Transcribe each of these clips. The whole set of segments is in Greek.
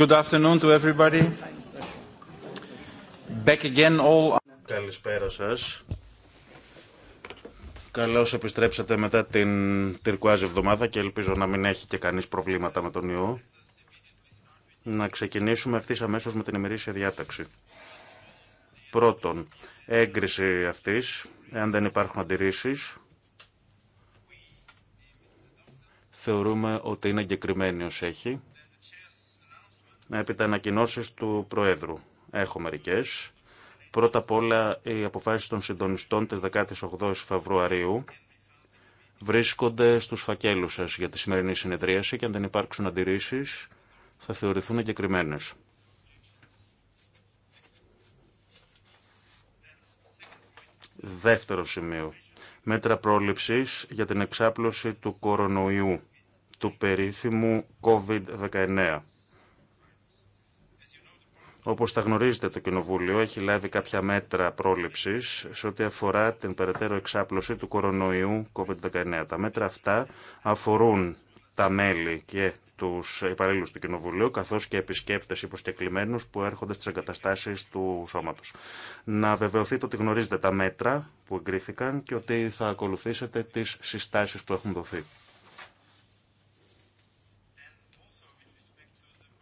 Good afternoon to everybody. Back again all... Καλησπέρα σας. Καλώς επιστρέψατε μετά την τυρκουάζη εβδομάδα και ελπίζω να μην έχει και κανείς προβλήματα με τον ιό. Να ξεκινήσουμε αυτή αμέσως με την ημερήσια διάταξη. Πρώτον, έγκριση αυτής, εάν δεν υπάρχουν αντιρρήσεις, θεωρούμε ότι είναι εγκεκριμένη ως έχει επί τα ανακοινώσει του Προέδρου. Έχω μερικέ. Πρώτα απ' όλα, οι αποφάσει των συντονιστών τη 18η Φεβρουαρίου βρίσκονται στους φακέλους σα για τη σημερινή συνεδρίαση και αν δεν υπάρξουν αντιρρήσει. θα θεωρηθούν εγκεκριμένε. Δεύτερο σημείο. Μέτρα πρόληψης για την εξάπλωση του κορονοϊού, του περίφημου COVID-19. Όπω τα γνωρίζετε, το Κοινοβούλιο έχει λάβει κάποια μέτρα πρόληψη σε ό,τι αφορά την περαιτέρω εξάπλωση του κορονοϊού COVID-19. Τα μέτρα αυτά αφορούν τα μέλη και του υπαλλήλου του Κοινοβουλίου, καθώ και επισκέπτε υποσκεκλημένου που έρχονται στι εγκαταστάσει του σώματο. Να βεβαιωθείτε ότι γνωρίζετε τα μέτρα που εγκρίθηκαν και ότι θα ακολουθήσετε τι συστάσει που έχουν δοθεί.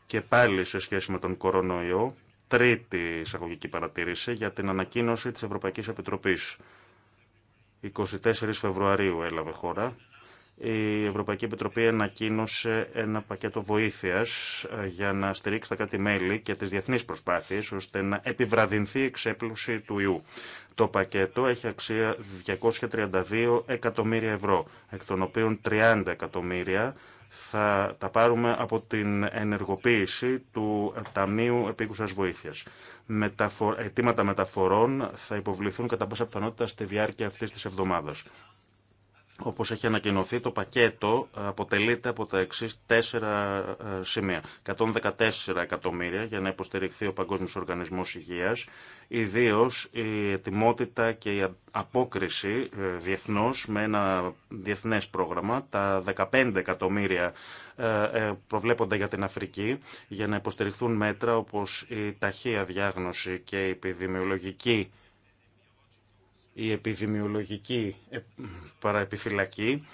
και πάλι σε σχέση με τον κορονοϊό, τρίτη εισαγωγική παρατήρηση για την ανακοίνωση της Ευρωπαϊκής Επιτροπής. 24 Φεβρουαρίου έλαβε χώρα η Ευρωπαϊκή Επιτροπή ανακοίνωσε ένα πακέτο βοήθεια ε, για να στηρίξει τα κράτη-μέλη και τι διεθνεί προσπάθειε ώστε να επιβραδυνθεί η εξέπλωση του ιού. Το πακέτο έχει αξία 232 εκατομμύρια ευρώ, εκ των οποίων 30 εκατομμύρια θα τα πάρουμε από την ενεργοποίηση του Ταμείου Επίκουσας Βοήθειας. Μεταφορ... Αιτήματα μεταφορών θα υποβληθούν κατά πάσα πιθανότητα στη διάρκεια αυτής της εβδομάδας. Όπως έχει ανακοινωθεί, το πακέτο αποτελείται από τα εξής τέσσερα ε, σημεία. 114 εκατομμύρια για να υποστηριχθεί ο Παγκόσμιος Οργανισμός Υγείας, ιδίω η ετοιμότητα και η απόκριση ε, διεθνώς με ένα διεθνές πρόγραμμα. Τα 15 εκατομμύρια ε, προβλέπονται για την Αφρική για να υποστηριχθούν μέτρα όπως η ταχεία διάγνωση και η επιδημιολογική η επιδημιολογική ε, παραεπιφυλακή.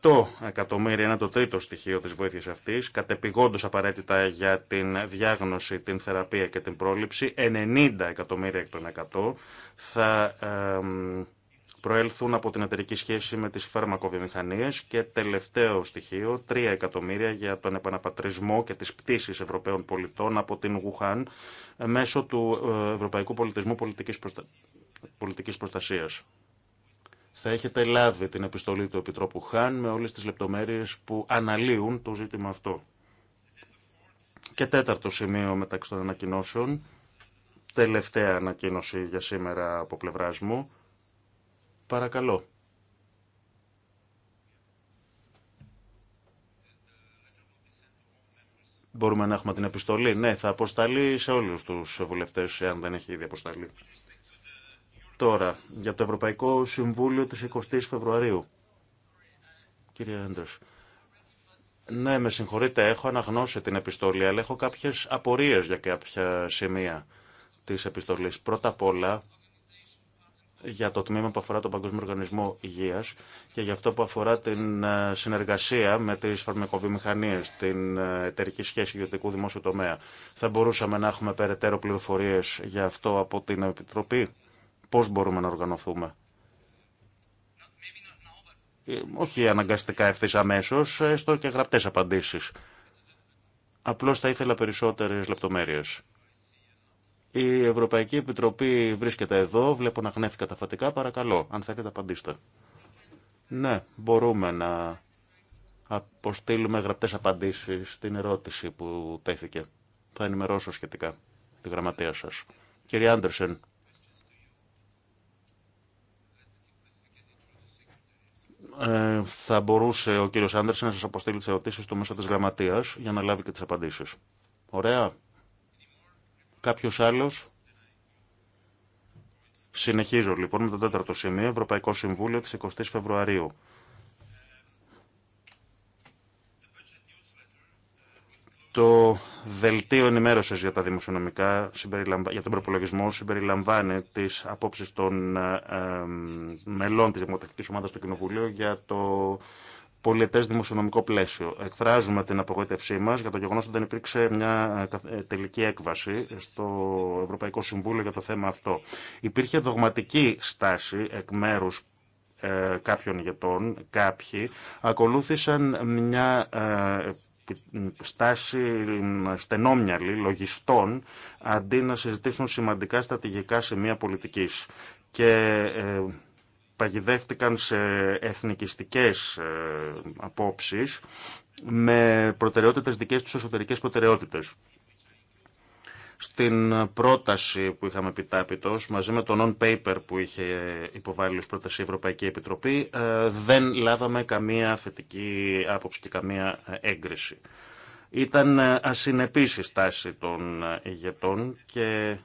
100 εκατομμύρια είναι το τρίτο στοιχείο της βοήθειας αυτής, κατεπηγόντως απαραίτητα για την διάγνωση, την θεραπεία και την πρόληψη. 90 εκατομμύρια εκ των 100 θα προέλθουν από την εταιρική σχέση με τις φαρμακοβιομηχανίες και τελευταίο στοιχείο, 3 εκατομμύρια για τον επαναπατρισμό και τις πτήσεις Ευρωπαίων πολιτών από την Γουχάν ε, μέσω του ε, Ευρωπαϊκού Πολιτισμού Πολιτικής πολιτικής προστασίας. Θα έχετε λάβει την επιστολή του Επιτρόπου Χάν με όλες τις λεπτομέρειες που αναλύουν το ζήτημα αυτό. Και τέταρτο σημείο μεταξύ των ανακοινώσεων, τελευταία ανακοίνωση για σήμερα από πλευρά. μου. Παρακαλώ. Μπορούμε να έχουμε την επιστολή. Ναι, θα αποσταλεί σε όλους τους βουλευτές, αν δεν έχει ήδη αποσταλεί. Τώρα, για το Ευρωπαϊκό Συμβούλιο της 20ης Φεβρουαρίου. Κύριε Άντρες. Ναι, με συγχωρείτε, έχω αναγνώσει την επιστολή, αλλά έχω κάποιες απορίες για κάποια σημεία της επιστολής. Πρώτα απ' όλα, για το τμήμα που αφορά τον Παγκόσμιο Οργανισμό Υγείας και για αυτό που αφορά την ε, συνεργασία με τις φαρμακοβιομηχανίες την ε, εταιρική σχέση ιδιωτικού δημόσιου τομέα. Θα μπορούσαμε να έχουμε περαιτέρω πληροφορίε για αυτό από την Επιτροπή πώς μπορούμε να οργανωθούμε. Ε, όχι αναγκαστικά ευθύ αμέσω, έστω και γραπτέ απαντήσει. Απλώ θα ήθελα περισσότερε λεπτομέρειε. Η Ευρωπαϊκή Επιτροπή βρίσκεται εδώ, βλέπω να γνέφηκα τα φατικά. Παρακαλώ, αν θέλετε, απαντήστε. Ναι, μπορούμε να αποστείλουμε γραπτές απαντήσεις στην ερώτηση που τέθηκε. Θα ενημερώσω σχετικά τη γραμματεία σας. Κύριε Άντερσεν, Ε, θα μπορούσε ο κύριος Άντερσεν να σα αποστείλει τι ερωτήσεις του μέσω της γραμματείας για να λάβει και τις απαντήσεις. Ωραία. κάποιο άλλος. Συνεχίζω λοιπόν με το τέταρτο σημείο, Ευρωπαϊκό Συμβούλιο τη 20 Φεβρουαρίου. Το δελτίο ενημέρωσης για τα δημοσιονομικά, για τον προπολογισμό, συμπεριλαμβάνει τις απόψεις των ε, ε, μελών της Δημοκρατικής Ομάδας του Κοινοβουλίου για το πολιτέ δημοσιονομικό πλαίσιο. Εκφράζουμε την απογοήτευσή μας για το γεγονός ότι δεν υπήρξε μια ε, τελική έκβαση στο Ευρωπαϊκό Συμβούλιο για το θέμα αυτό. Υπήρχε δογματική στάση εκ μέρους κάποιων ηγετών, κάποιοι, ακολούθησαν μια στάση στενόμυαλη λογιστών αντί να συζητήσουν σημαντικά στρατηγικά σημεία πολιτικής. Και ε, παγιδεύτηκαν σε εθνικιστικές ε, απόψεις με προτεραιότητες δικές τους εσωτερικές προτεραιότητες στην πρόταση που είχαμε επιτάπητος μαζί με το non-paper που είχε υποβάλει ως πρόταση η Ευρωπαϊκή Επιτροπή ε, δεν λάβαμε καμία θετική άποψη και καμία έγκριση. Ήταν ε, ασυνεπής η στάση των ηγετών και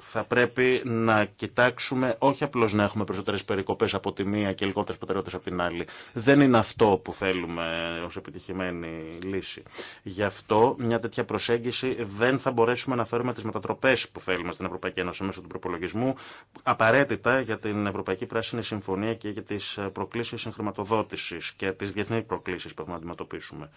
θα πρέπει να κοιτάξουμε όχι απλώς να έχουμε περισσότερες περικοπές από τη μία και λιγότερες προτεραιότητες από την άλλη. Δεν είναι αυτό που θέλουμε ως επιτυχημένη λύση. Γι' αυτό μια τέτοια προσέγγιση δεν θα μπορέσουμε να φέρουμε τις μετατροπές που θέλουμε στην Ευρωπαϊκή Ένωση μέσω του προπολογισμού απαραίτητα για την Ευρωπαϊκή Πράσινη Συμφωνία και για τις προκλήσεις συγχρηματοδότησης και τις διεθνείς προκλήσεις που έχουμε να αντιμετωπίσουμε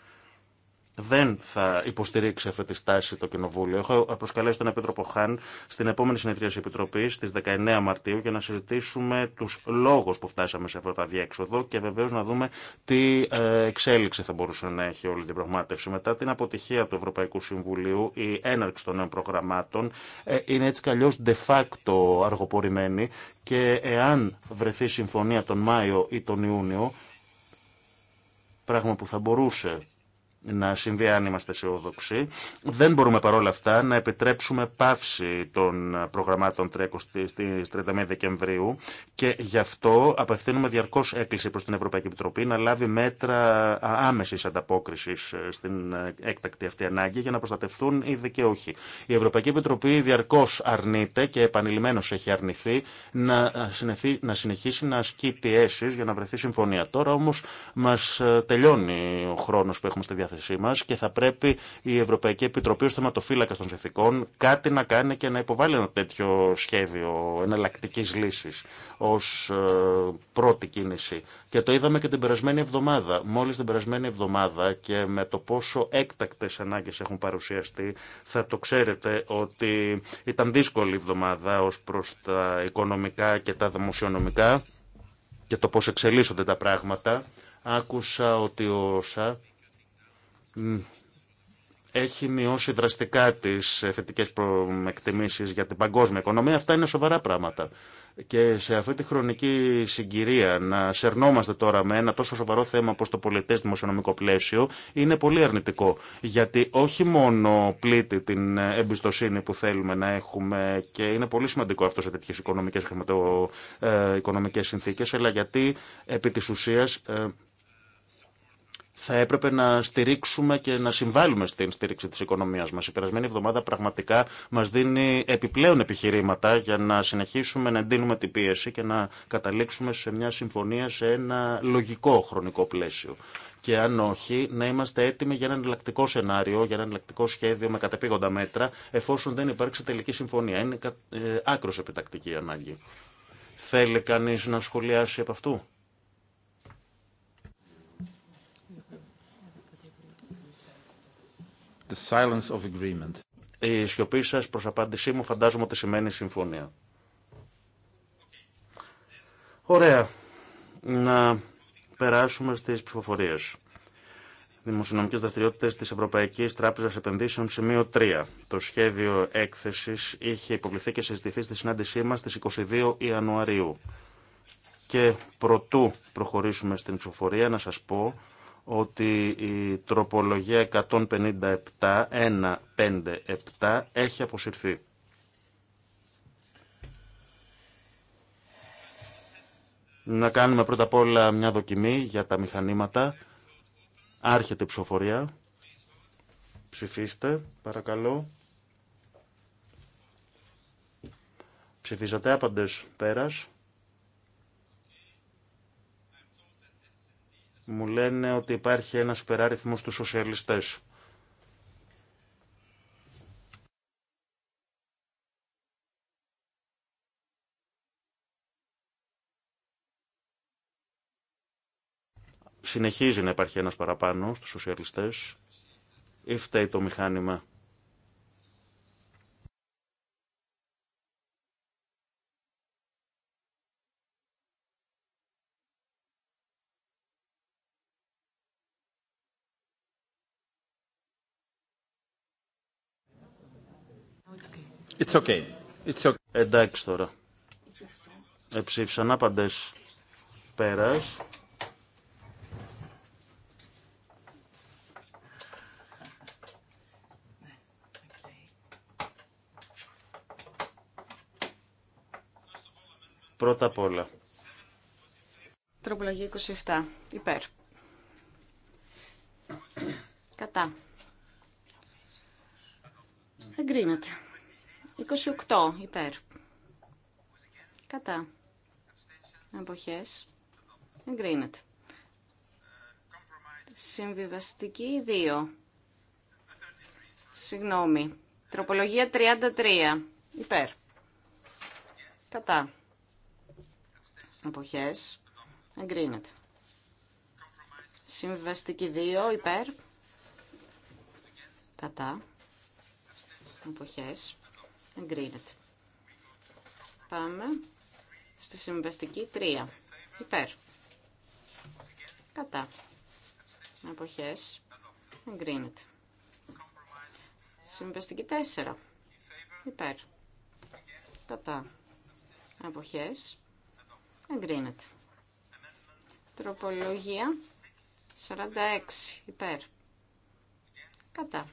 δεν θα υποστηρίξει αυτή τη στάση το Κοινοβούλιο. Έχω προσκαλέσει τον Επίτροπο Χάν στην επόμενη συνεδρίαση Επιτροπή στι 19 Μαρτίου για να συζητήσουμε του λόγου που φτάσαμε σε αυτό το αδιέξοδο και βεβαίω να δούμε τι ε, εξέλιξη θα μπορούσε να έχει όλη την πραγμάτευση. Μετά την αποτυχία του Ευρωπαϊκού Συμβουλίου, η έναρξη των νέων προγραμμάτων ε, είναι έτσι κι αλλιώ de facto αργοπορημένη και εάν βρεθεί συμφωνία τον Μάιο ή τον Ιούνιο, πράγμα που θα μπορούσε να συμβεί αν είμαστε αισιόδοξοι. Δεν μπορούμε παρόλα αυτά να επιτρέψουμε πάυση των προγραμμάτων τρέκου στι 31 Δεκεμβρίου και γι' αυτό απευθύνουμε διαρκώ έκκληση προ την Ευρωπαϊκή Επιτροπή να λάβει μέτρα άμεση ανταπόκριση ε, στην ε, έκτακτη αυτή ανάγκη για να προστατευτούν οι δικαιούχοι. Η Ευρωπαϊκή Επιτροπή διαρκώ αρνείται και επανειλημμένω έχει αρνηθεί ε, να, συνεχίσει να ασκεί πιέσει για να βρεθεί συμφωνία. Τώρα όμω μα τελειώνει ο χρόνο που έχουμε στη διαθέσή και θα πρέπει η Ευρωπαϊκή Επιτροπή ω θεματοφύλακα των συνθηκών κάτι να κάνει και να υποβάλει ένα τέτοιο σχέδιο εναλλακτική λύση ω ε, πρώτη κίνηση. Και το είδαμε και την περασμένη εβδομάδα. Μόλι την περασμένη εβδομάδα και με το πόσο έκτακτε ανάγκε έχουν παρουσιαστεί, θα το ξέρετε ότι ήταν δύσκολη η εβδομάδα ω προ τα οικονομικά και τα δημοσιονομικά και το πώς εξελίσσονται τα πράγματα. Άκουσα ότι ο έχει μειώσει δραστικά τι ε, θετικέ εκτιμήσει για την παγκόσμια οικονομία. Αυτά είναι σοβαρά πράγματα. Και σε αυτή τη χρονική συγκυρία να σερνόμαστε τώρα με ένα τόσο σοβαρό θέμα όπως το πολιτές δημοσιονομικό πλαίσιο είναι πολύ αρνητικό. Γιατί όχι μόνο πλήττει την ε, εμπιστοσύνη που θέλουμε να έχουμε και είναι πολύ σημαντικό αυτό σε τέτοιες οικονομικές, χρηματο, ε, συνθήκες, αλλά γιατί επί της ουσίας θα έπρεπε να στηρίξουμε και να συμβάλλουμε στην στήριξη τη οικονομία μα. Η περασμένη εβδομάδα πραγματικά μα δίνει επιπλέον επιχειρήματα για να συνεχίσουμε να εντείνουμε την πίεση και να καταλήξουμε σε μια συμφωνία σε ένα λογικό χρονικό πλαίσιο. Και αν όχι, να είμαστε έτοιμοι για ένα εναλλακτικό σενάριο, για ένα εναλλακτικό σχέδιο με κατεπήγοντα μέτρα, εφόσον δεν υπάρξει τελική συμφωνία. Είναι ε, άκρο επιτακτική ανάγκη. Θέλει κανείς να σχολιάσει από αυτού. The silence Η σιωπή σας προς απάντησή μου φαντάζομαι ότι σημαίνει συμφωνία. Ωραία. Να περάσουμε στις ψηφοφορίες. Δημοσιονομικέ δραστηριότητε τη Ευρωπαϊκή Τράπεζα Επενδύσεων, σημείο 3. Το σχέδιο έκθεση είχε υποβληθεί και συζητηθεί στη συνάντησή μα στι 22 Ιανουαρίου. Και προτού προχωρήσουμε στην ψηφοφορία, να σα πω ότι η τροπολογία 157-157 έχει αποσυρθεί. Να κάνουμε πρώτα απ' όλα μια δοκιμή για τα μηχανήματα. Άρχεται η ψηφοφορία. Ψηφίστε, παρακαλώ. Ψηφίσατε άπαντες πέρας. Μου λένε ότι υπάρχει ένας περάριθμος στους σοσιαλιστές. Συνεχίζει να υπάρχει ένας παραπάνω στους σοσιαλιστές ή φταίει το μηχάνημα. It's okay. It's okay. Εντάξει τώρα. Εψήφισαν άπαντε πέρας. Πρώτα απ' όλα. Τροπολογία 27. Υπέρ. Κατά. Εγκρίνεται. 28 υπέρ. Κατά. Αποχές. Εγκρίνεται. Συμβιβαστική 2. Συγγνώμη. Τροπολογία 33. Υπέρ. Κατά. Αποχές. Εγκρίνεται. Συμβιβαστική 2. Υπέρ. Κατά. Αποχές. Εγκρίνεται. Πάμε στη συμβαστική 3. Υπέρ. Κατά. Αποχές. Εγκρίνεται. Συμβαστική 4. Υπέρ. Κατά. Αποχές. Εγκρίνεται. Τροπολογία 46. Υπέρ. Κατά.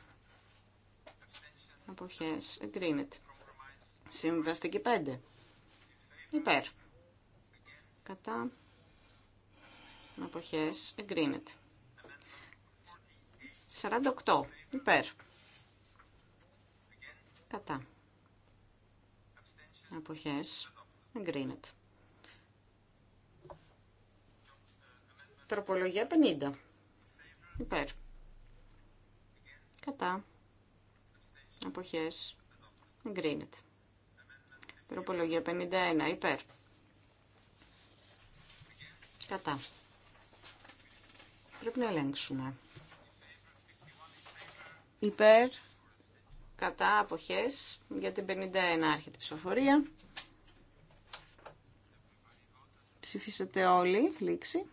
Αποχές. Εγκρίνεται. Συμβαστική 5. Υπέρ. Κατά. Αποχές. Εγκρίνεται. 48. Υπέρ. Κατά. Αποχές. Εγκρίνεται. Τροπολογία 50. Υπέρ. Κατά. Αποχές. Εγκρίνεται. Τροπολογία 51 υπέρ. Κατά. Πρέπει να ελέγξουμε. Υπέρ, κατά, αποχές, για την 51 άρχεται η ψηφοφορία. Ψηφίσατε όλοι, λήξη.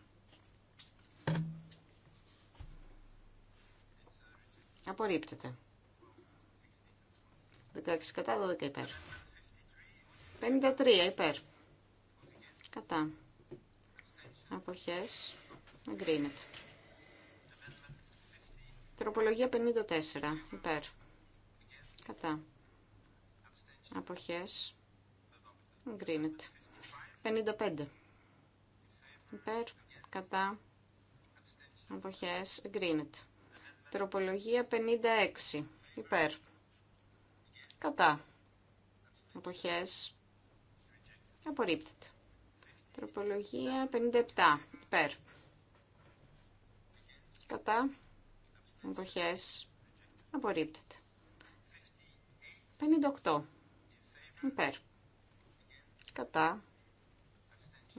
Απορρίπτεται. 16 κατά, 12 υπέρ. 53 υπέρ. Κατά. Αποχές. Εγκρίνεται. Τροπολογία 54 υπέρ. Κατά. Αποχές. Εγκρίνεται. 55. Υπέρ. Κατά. Αποχές. Εγκρίνεται. Τροπολογία 56. Υπέρ. Κατά. Αποχές. Απορρίπτεται. Τροπολογία 57. Υπέρ. Κατά. Εποχές. Απορρίπτεται. 58. Υπέρ. Κατά.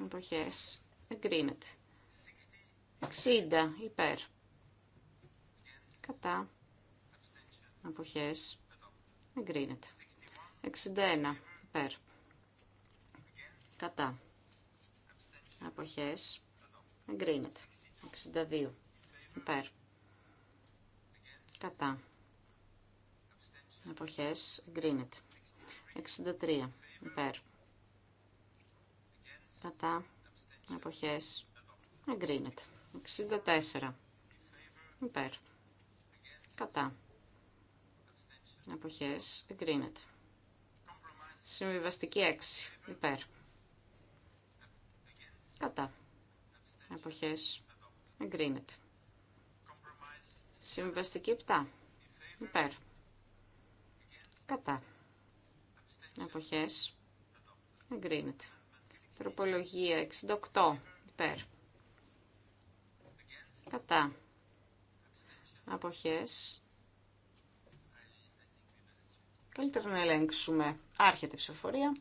Εποχές. Εγκρίνεται. 60. Υπέρ. Κατά. Εποχές. Εγκρίνεται. 61. Υπέρ. Κατά. Αποχές. Εγκρίνεται. 62. Υπέρ. Κατά. Αποχές. Εγκρίνεται. 63. Υπέρ. Κατά. Αποχές. Εγκρίνεται. 64. Υπέρ. Κατά. Αποχές. Εγκρίνεται. Συμβιβαστική 6. Υπέρ. Κατά. εποχές Εγκρίνεται. Συμβαστική πτά, Υπέρ. Κατά. εποχές Εγκρίνεται. Τροπολογία 68. Υπέρ. Κατά. Αποχές. Καλύτερα να ελέγξουμε. Άρχεται η ψηφοφορία.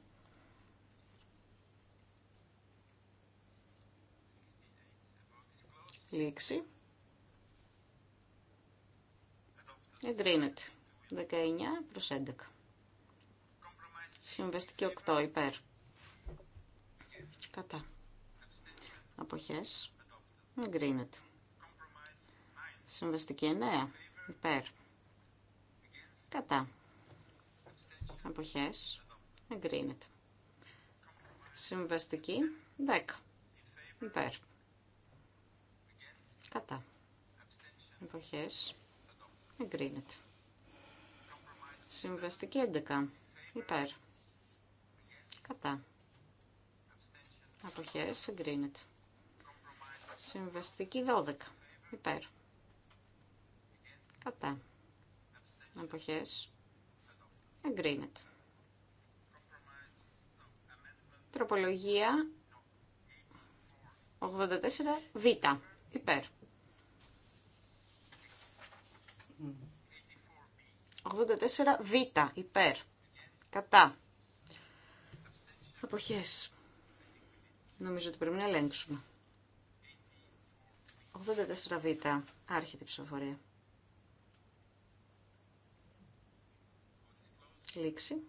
Λήξη. Εγκρίνεται. 19 προς 11. Συμβαστική 8 υπέρ. Κατά. Αποχές. Εγκρίνεται. Συμβαστική 9 υπέρ. Κατά. Αποχές. Εγκρίνεται. Συμβαστική 10 υπέρ. Κατά. Εποχές. Εγκρίνεται. Συμβαστική 11. Υπέρ. Κατά. Αποχές. Εγκρίνεται. Συμβαστική 12. Υπέρ. Κατά. Αποχές. Εγκρίνεται. Τροπολογία 84 Β. Υπέρ. 84 β υπέρ. Κατά. Αποχές. Νομίζω ότι πρέπει να ελέγξουμε. 84 β. Άρχεται η ψηφοφορία. Λήξη.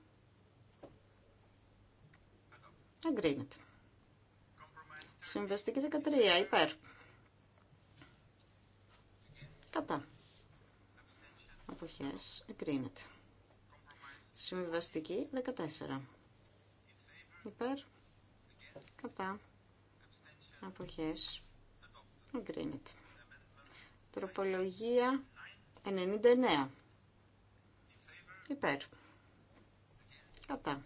Εγκρίνεται. Συμβαστική 13 υπέρ. Κατά αποχές εγκρίνεται. Συμβιβαστική 14. Υπέρ, κατά, αποχές εγκρίνεται. Τροπολογία 99. Υπέρ. Κατά.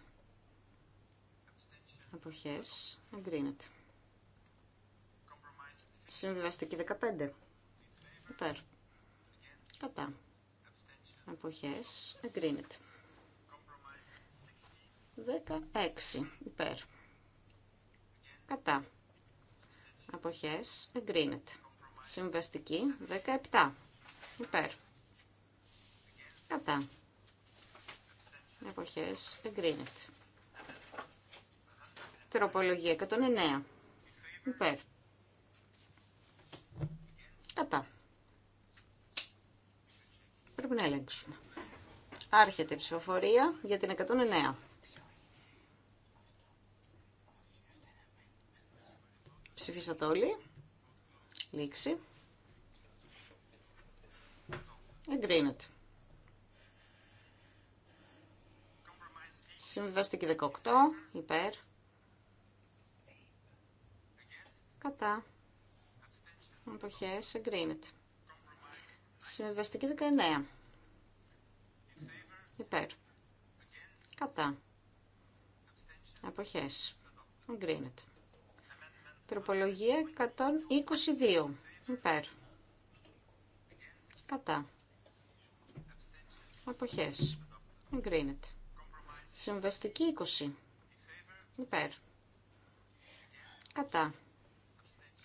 Αποχές. Εγκρίνεται. Συμβιβαστική 15. Υπέρ. Κατά εποχές εγκρίνεται. 16 υπέρ. Κατά. Αποχές εγκρίνεται. Συμβαστική 17 υπέρ. Κατά. Αποχές εγκρίνεται. Τροπολογία 109 υπέρ. Κατά. Πρέπει να ελέγξουμε. Άρχεται η ψηφοφορία για την 109. Ψηφίσατε όλοι. Λήξη. Εγκρίνεται. Συμβιβαστική 18, υπέρ. Κατά. Εποχές, εγκρίνεται. Συμβεβαστική 19. Υπέρ. Κατά. Αποχές. Εγκρίνεται. Τροπολογία 122. Υπέρ. Κατά. Αποχές. Εγκρίνεται. Συμβαστική 20. Υπέρ. Κατά.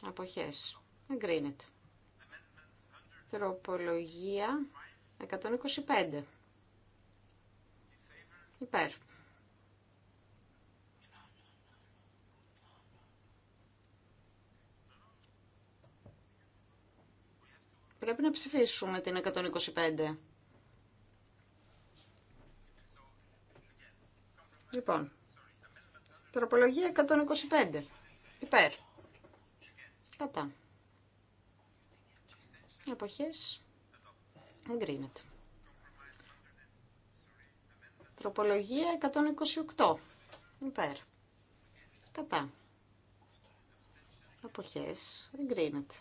Αποχές. Εγκρίνεται. Τροπολογία 125. Υπέρ. Πρέπει να ψηφίσουμε την 125. Λοιπόν, τροπολογία 125. Υπέρ. Κατά. Αποχές. Εγκρίνεται. Τροπολογία 128. Υπέρ. Κατά. Αποχές. Εγκρίνεται.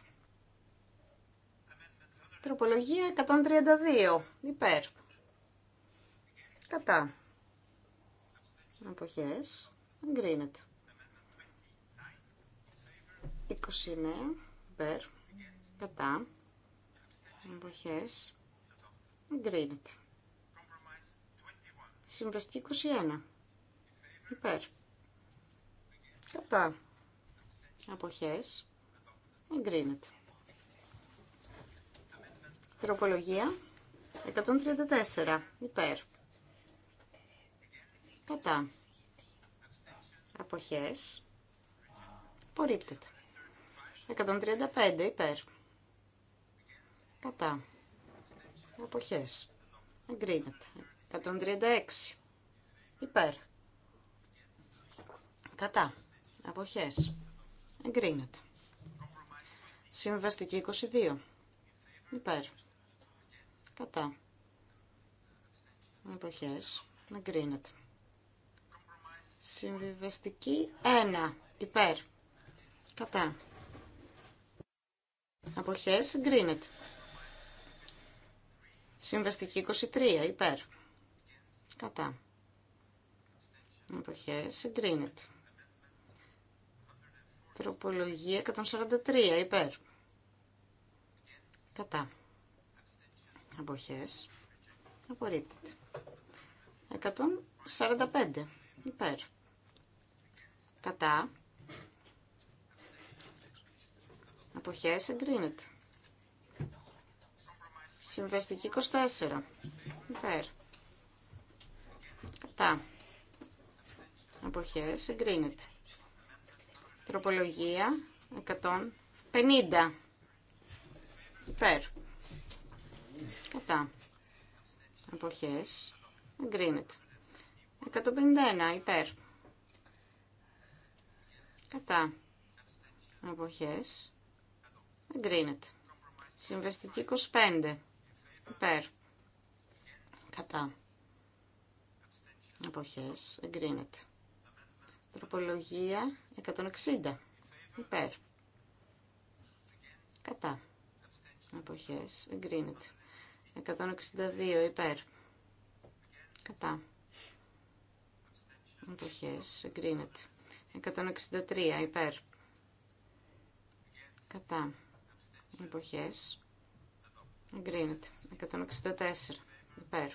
Τροπολογία 132. Υπέρ. Κατά. Αποχές. Εγκρίνεται. 29. Υπέρ. Κατά. Αποχές. Εγκρίνεται. Συμβαστή 21. Υπέρ. Κατά. Αποχές. Εγκρίνεται. Τροπολογία 134. Υπέρ. Κατά. Αποχές. Απορρίπτεται. 135. Υπέρ. Κατά. Αποχές. Εγκρίνεται. 136. Υπέρ. Κατά. Αποχές. Εγκρίνεται. Συμβαστική 22. Υπέρ. Κατά. Αποχές. Εγκρίνεται. Συμβιβαστική 1. Υπέρ. Κατά. Αποχές. Εγκρίνεται. Συμβαστική 23 υπέρ. Κατά. Εποχέ, εγκρίνεται. Τροπολογία 143 υπέρ. Κατά. Αποχές. απορρίπτεται. 145 υπέρ. Κατά. Αποχές εγκρίνεται. Συμβεστική 24. Υπέρ. Κατά. Αποχές. Εγκρίνεται. Τροπολογία 150. Υπέρ. Κατά. Αποχές. Εγκρίνεται. 151. Υπέρ. Κατά. Αποχές. Εγκρίνεται. Συμβεστική 25. Υπέρ. Κατά. Αποχές. Εγκρίνεται. Τροπολογία 160. Υπέρ. Κατά. Αποχές. Εγκρίνεται. 162. Υπέρ. Κατά. Αποχές. Εγκρίνεται. 163. Υπέρ. Κατά. Εποχές. Εγκρίνεται. 164 υπέρ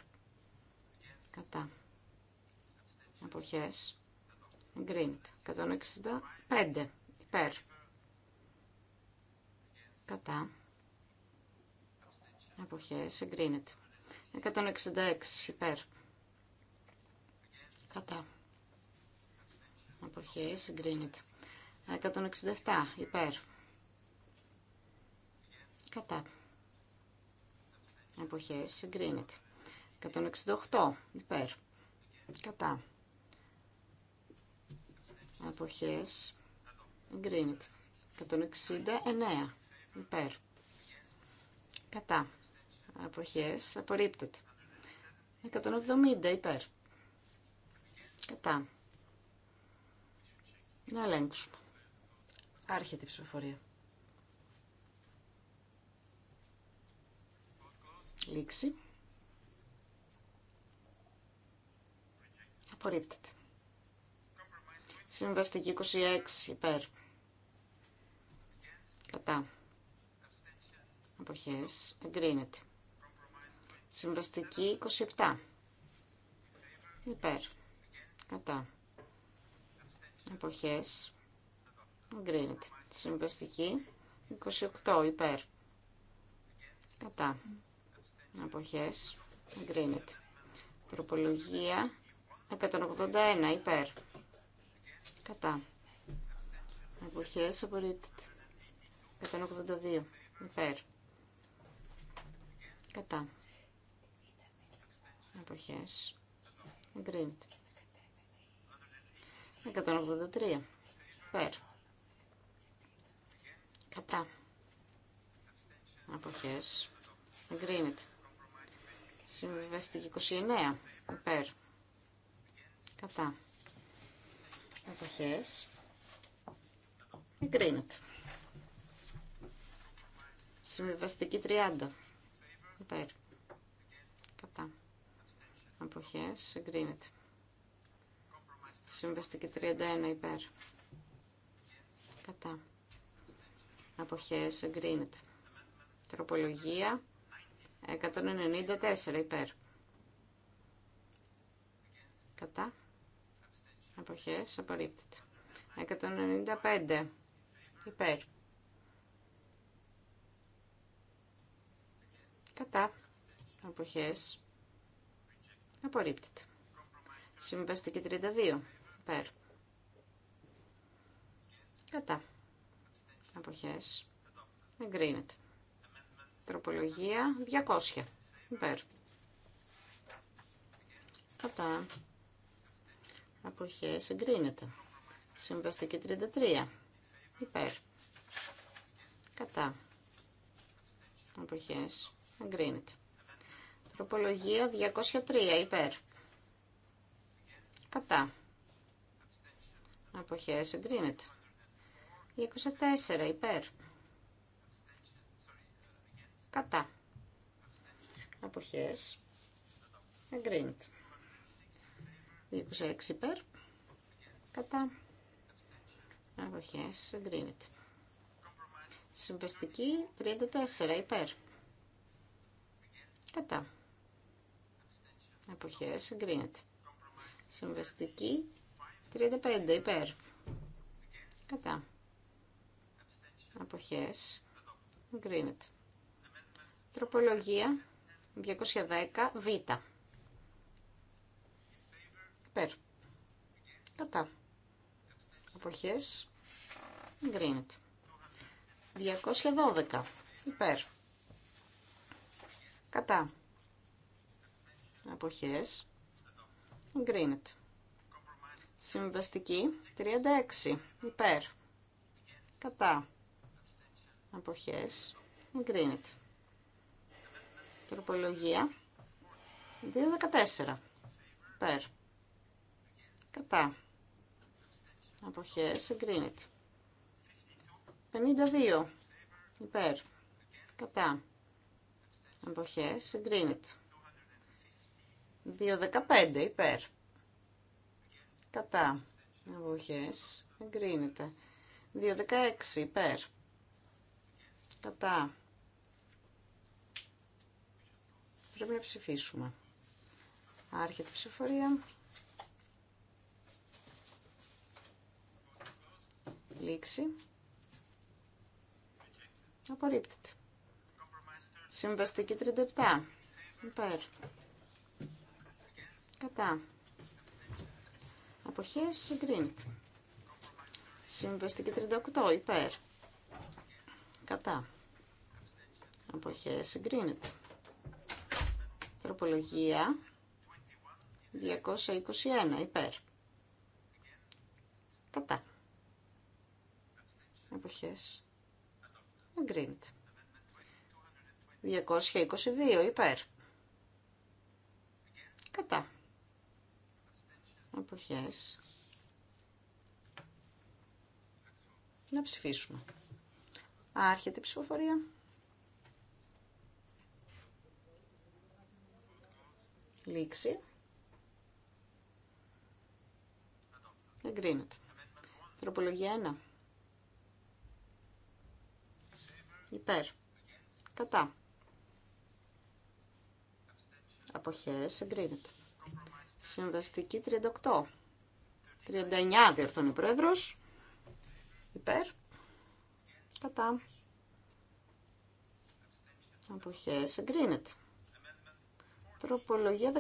κατά αποχές εγκρίνεται 165 υπέρ κατά αποχές εγκρίνεται 166 υπέρ κατά αποχές εγκρίνεται 167 υπέρ κατά εποχές εγκρίνεται. 168 υπέρ κατά εποχές εγκρίνεται. 169 υπέρ κατά εποχές απορρίπτεται. 170 υπέρ κατά να ελέγξουμε. Άρχεται η ψηφοφορία. λήξει. Απορρίπτεται. Συμβαστική 26 υπέρ. Κατά. Αποχές. Εγκρίνεται. Συμβαστική 27. Υπέρ. Κατά. Εποχές. Εγκρίνεται. Συμβαστική 28. Υπέρ. Κατά αποχές εγκρίνεται. Τροπολογία 181 υπέρ κατά αποχές απορρίπτεται. 182 υπέρ κατά αποχές εγκρίνεται. 183 υπέρ κατά αποχές εγκρίνεται Συμβιβαστική 29. Υπέρ. Κατά. Εποχές. Εγκρίνεται. Συμβιβαστική 30. Υπέρ. Κατά. Εποχές. Εγκρίνεται. συμβιβαστική 31. Υπέρ. Κατά. Αποχές εγκρίνεται. Τροπολογία 194 υπέρ. Κατά. Αποχές. Απορρίπτεται. 195 υπέρ. Κατά. Αποχές. Απορρίπτεται. Συμβαστική 32 υπέρ. Κατά. Αποχές. Εγκρίνεται. Τροπολογία 200. Υπέρ. Κατά. Αποχέ. εγκρίνεται. Συμβαστική 33. Υπέρ. Κατά. Αποχέ. εγκρίνεται. Τροπολογία 203. Υπέρ. Κατά. Αποχέ. εγκρίνεται. 24. Υπέρ. Κατά. Αποχές. Αγκρίνεται. 26 υπέρ. Κατά. Αποχές. Αγκρίνεται. Συμβαστική 34 υπέρ. Κατά. Αποχές. Εγκρίνεται. Συμβαστική 35 υπέρ. Κατά. Αποχές. Εγκρίνεται. Τροπολογία 210 Β. Περ. Κατά. Αποχές. Γκρίνετ. 212. Υπέρ. Κατά. Αποχές. Γκρίνετ. Συμβαστική 36. Υπέρ. Κατά. Αποχές. Γκρίνετ. Τροπολογία 2.14. Περ. Κατά. Αποχές εγκρίνεται. 52. Υπέρ. Κατά. Αποχές εγκρίνεται. 2.15. Υπέρ. Κατά. Αποχές εγκρίνεται. 2.16. Υπέρ. Κατά. πρέπει να ψηφίσουμε. Άρχεται η ψηφορία. Λήξη. Απορρίπτεται. Συμβαστική 37. Υπέρ. Κατά. Αποχές συγκρίνεται. Συμβαστική 38. Υπέρ. Κατά. Αποχές συγκρίνεται. Τροπολογία 221 υπέρ. Κατά. Εποχές. Εγκρίνεται. 222 υπέρ. Κατά. Εποχές. Να ψηφίσουμε. Άρχεται η ψηφοφορία. Λήξη. Εγκρίνεται. Τροπολογία 1. Υπέρ. Κατά. Αποχές εγκρίνεται. Συμβαστική 38. 39 διορθώνει ο πρόεδρος. Υπέρ. Κατά. Αποχές εγκρίνεται. Τροπολογία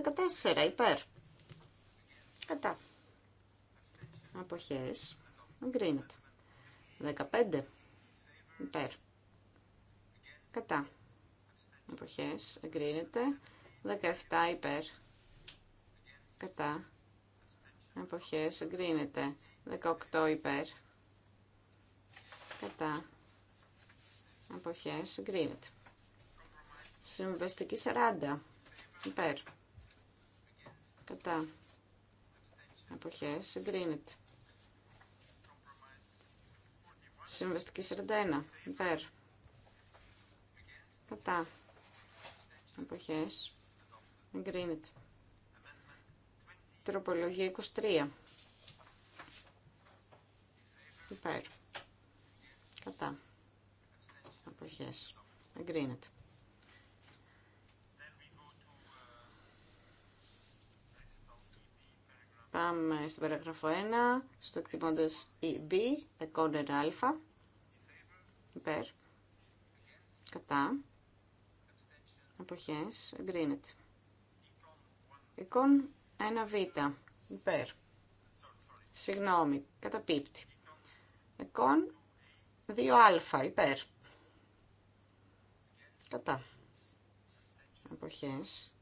14, υπέρ. Κατά. Αποχές. Εγκρίνεται. 15, υπέρ. Κατά. Αποχές. Εγκρίνεται. 17, υπέρ. Κατά. Αποχές. Εγκρίνεται. 18, υπέρ. Κατά. Αποχές. Εγκρίνεται. Συμβεστική 40. Υπέρ. Κατά. Αποχές. Εγκρίνεται. Συμβαστική 41. Υπέρ. Κατά. Αποχές. Εγκρίνεται. Τροπολογία 23. Υπέρ. Κατά. Αποχές. Εγκρίνεται. Πάμε στην παράγραφο 1, στο εκτιμώντας EB, 1 α, υπέρ, κατά, αποχές, εγκρίνεται. Εικόν 1β, υπέρ, συγγνώμη, καταπίπτει. Εικόν 2α, υπέρ, κατά, αποχές,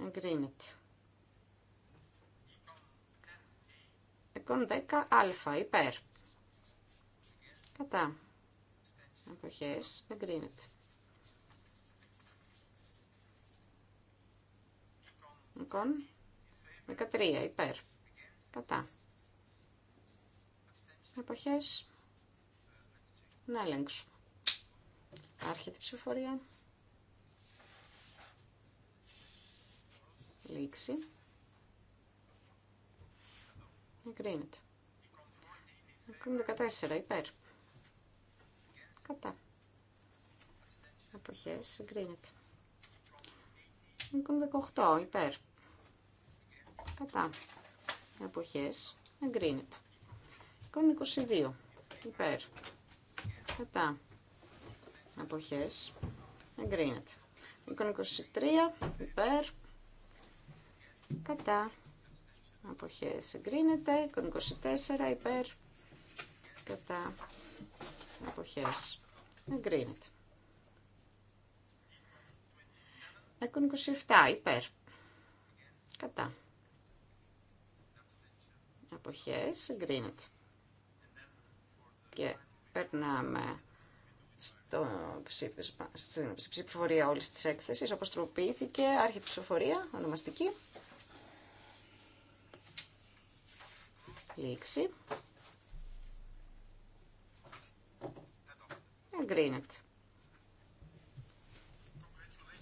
εγκρίνεται. 10 α υπέρ. Κατά. Αποχές εγκρίνεται. Εγκόν, 13 υπέρ. Κατά. Εποχέ. Να ελέγξουμε. Άρχεται η ψηφορία. Λήξη. Εγκρίνεται. 14 υπέρ. Κατά. Αποχές. Εγκρίνεται. 18 υπέρ. Κατά. Αποχές. Εγκρίνεται. 22 υπέρ. Κατά. Αποχές. Εγκρίνεται. 23 υπέρ. Κατά αποχές εγκρίνεται 24 υπέρ κατά αποχές εγκρίνεται Έκον 27 υπέρ κατά αποχές εγκρίνεται και περνάμε στο ψήφισμα, στην ψηφοφορία όλης της έκθεσης όπως τροποποιήθηκε άρχεται ψηφοφορία ονομαστική λήξει. Εγκρίνεται.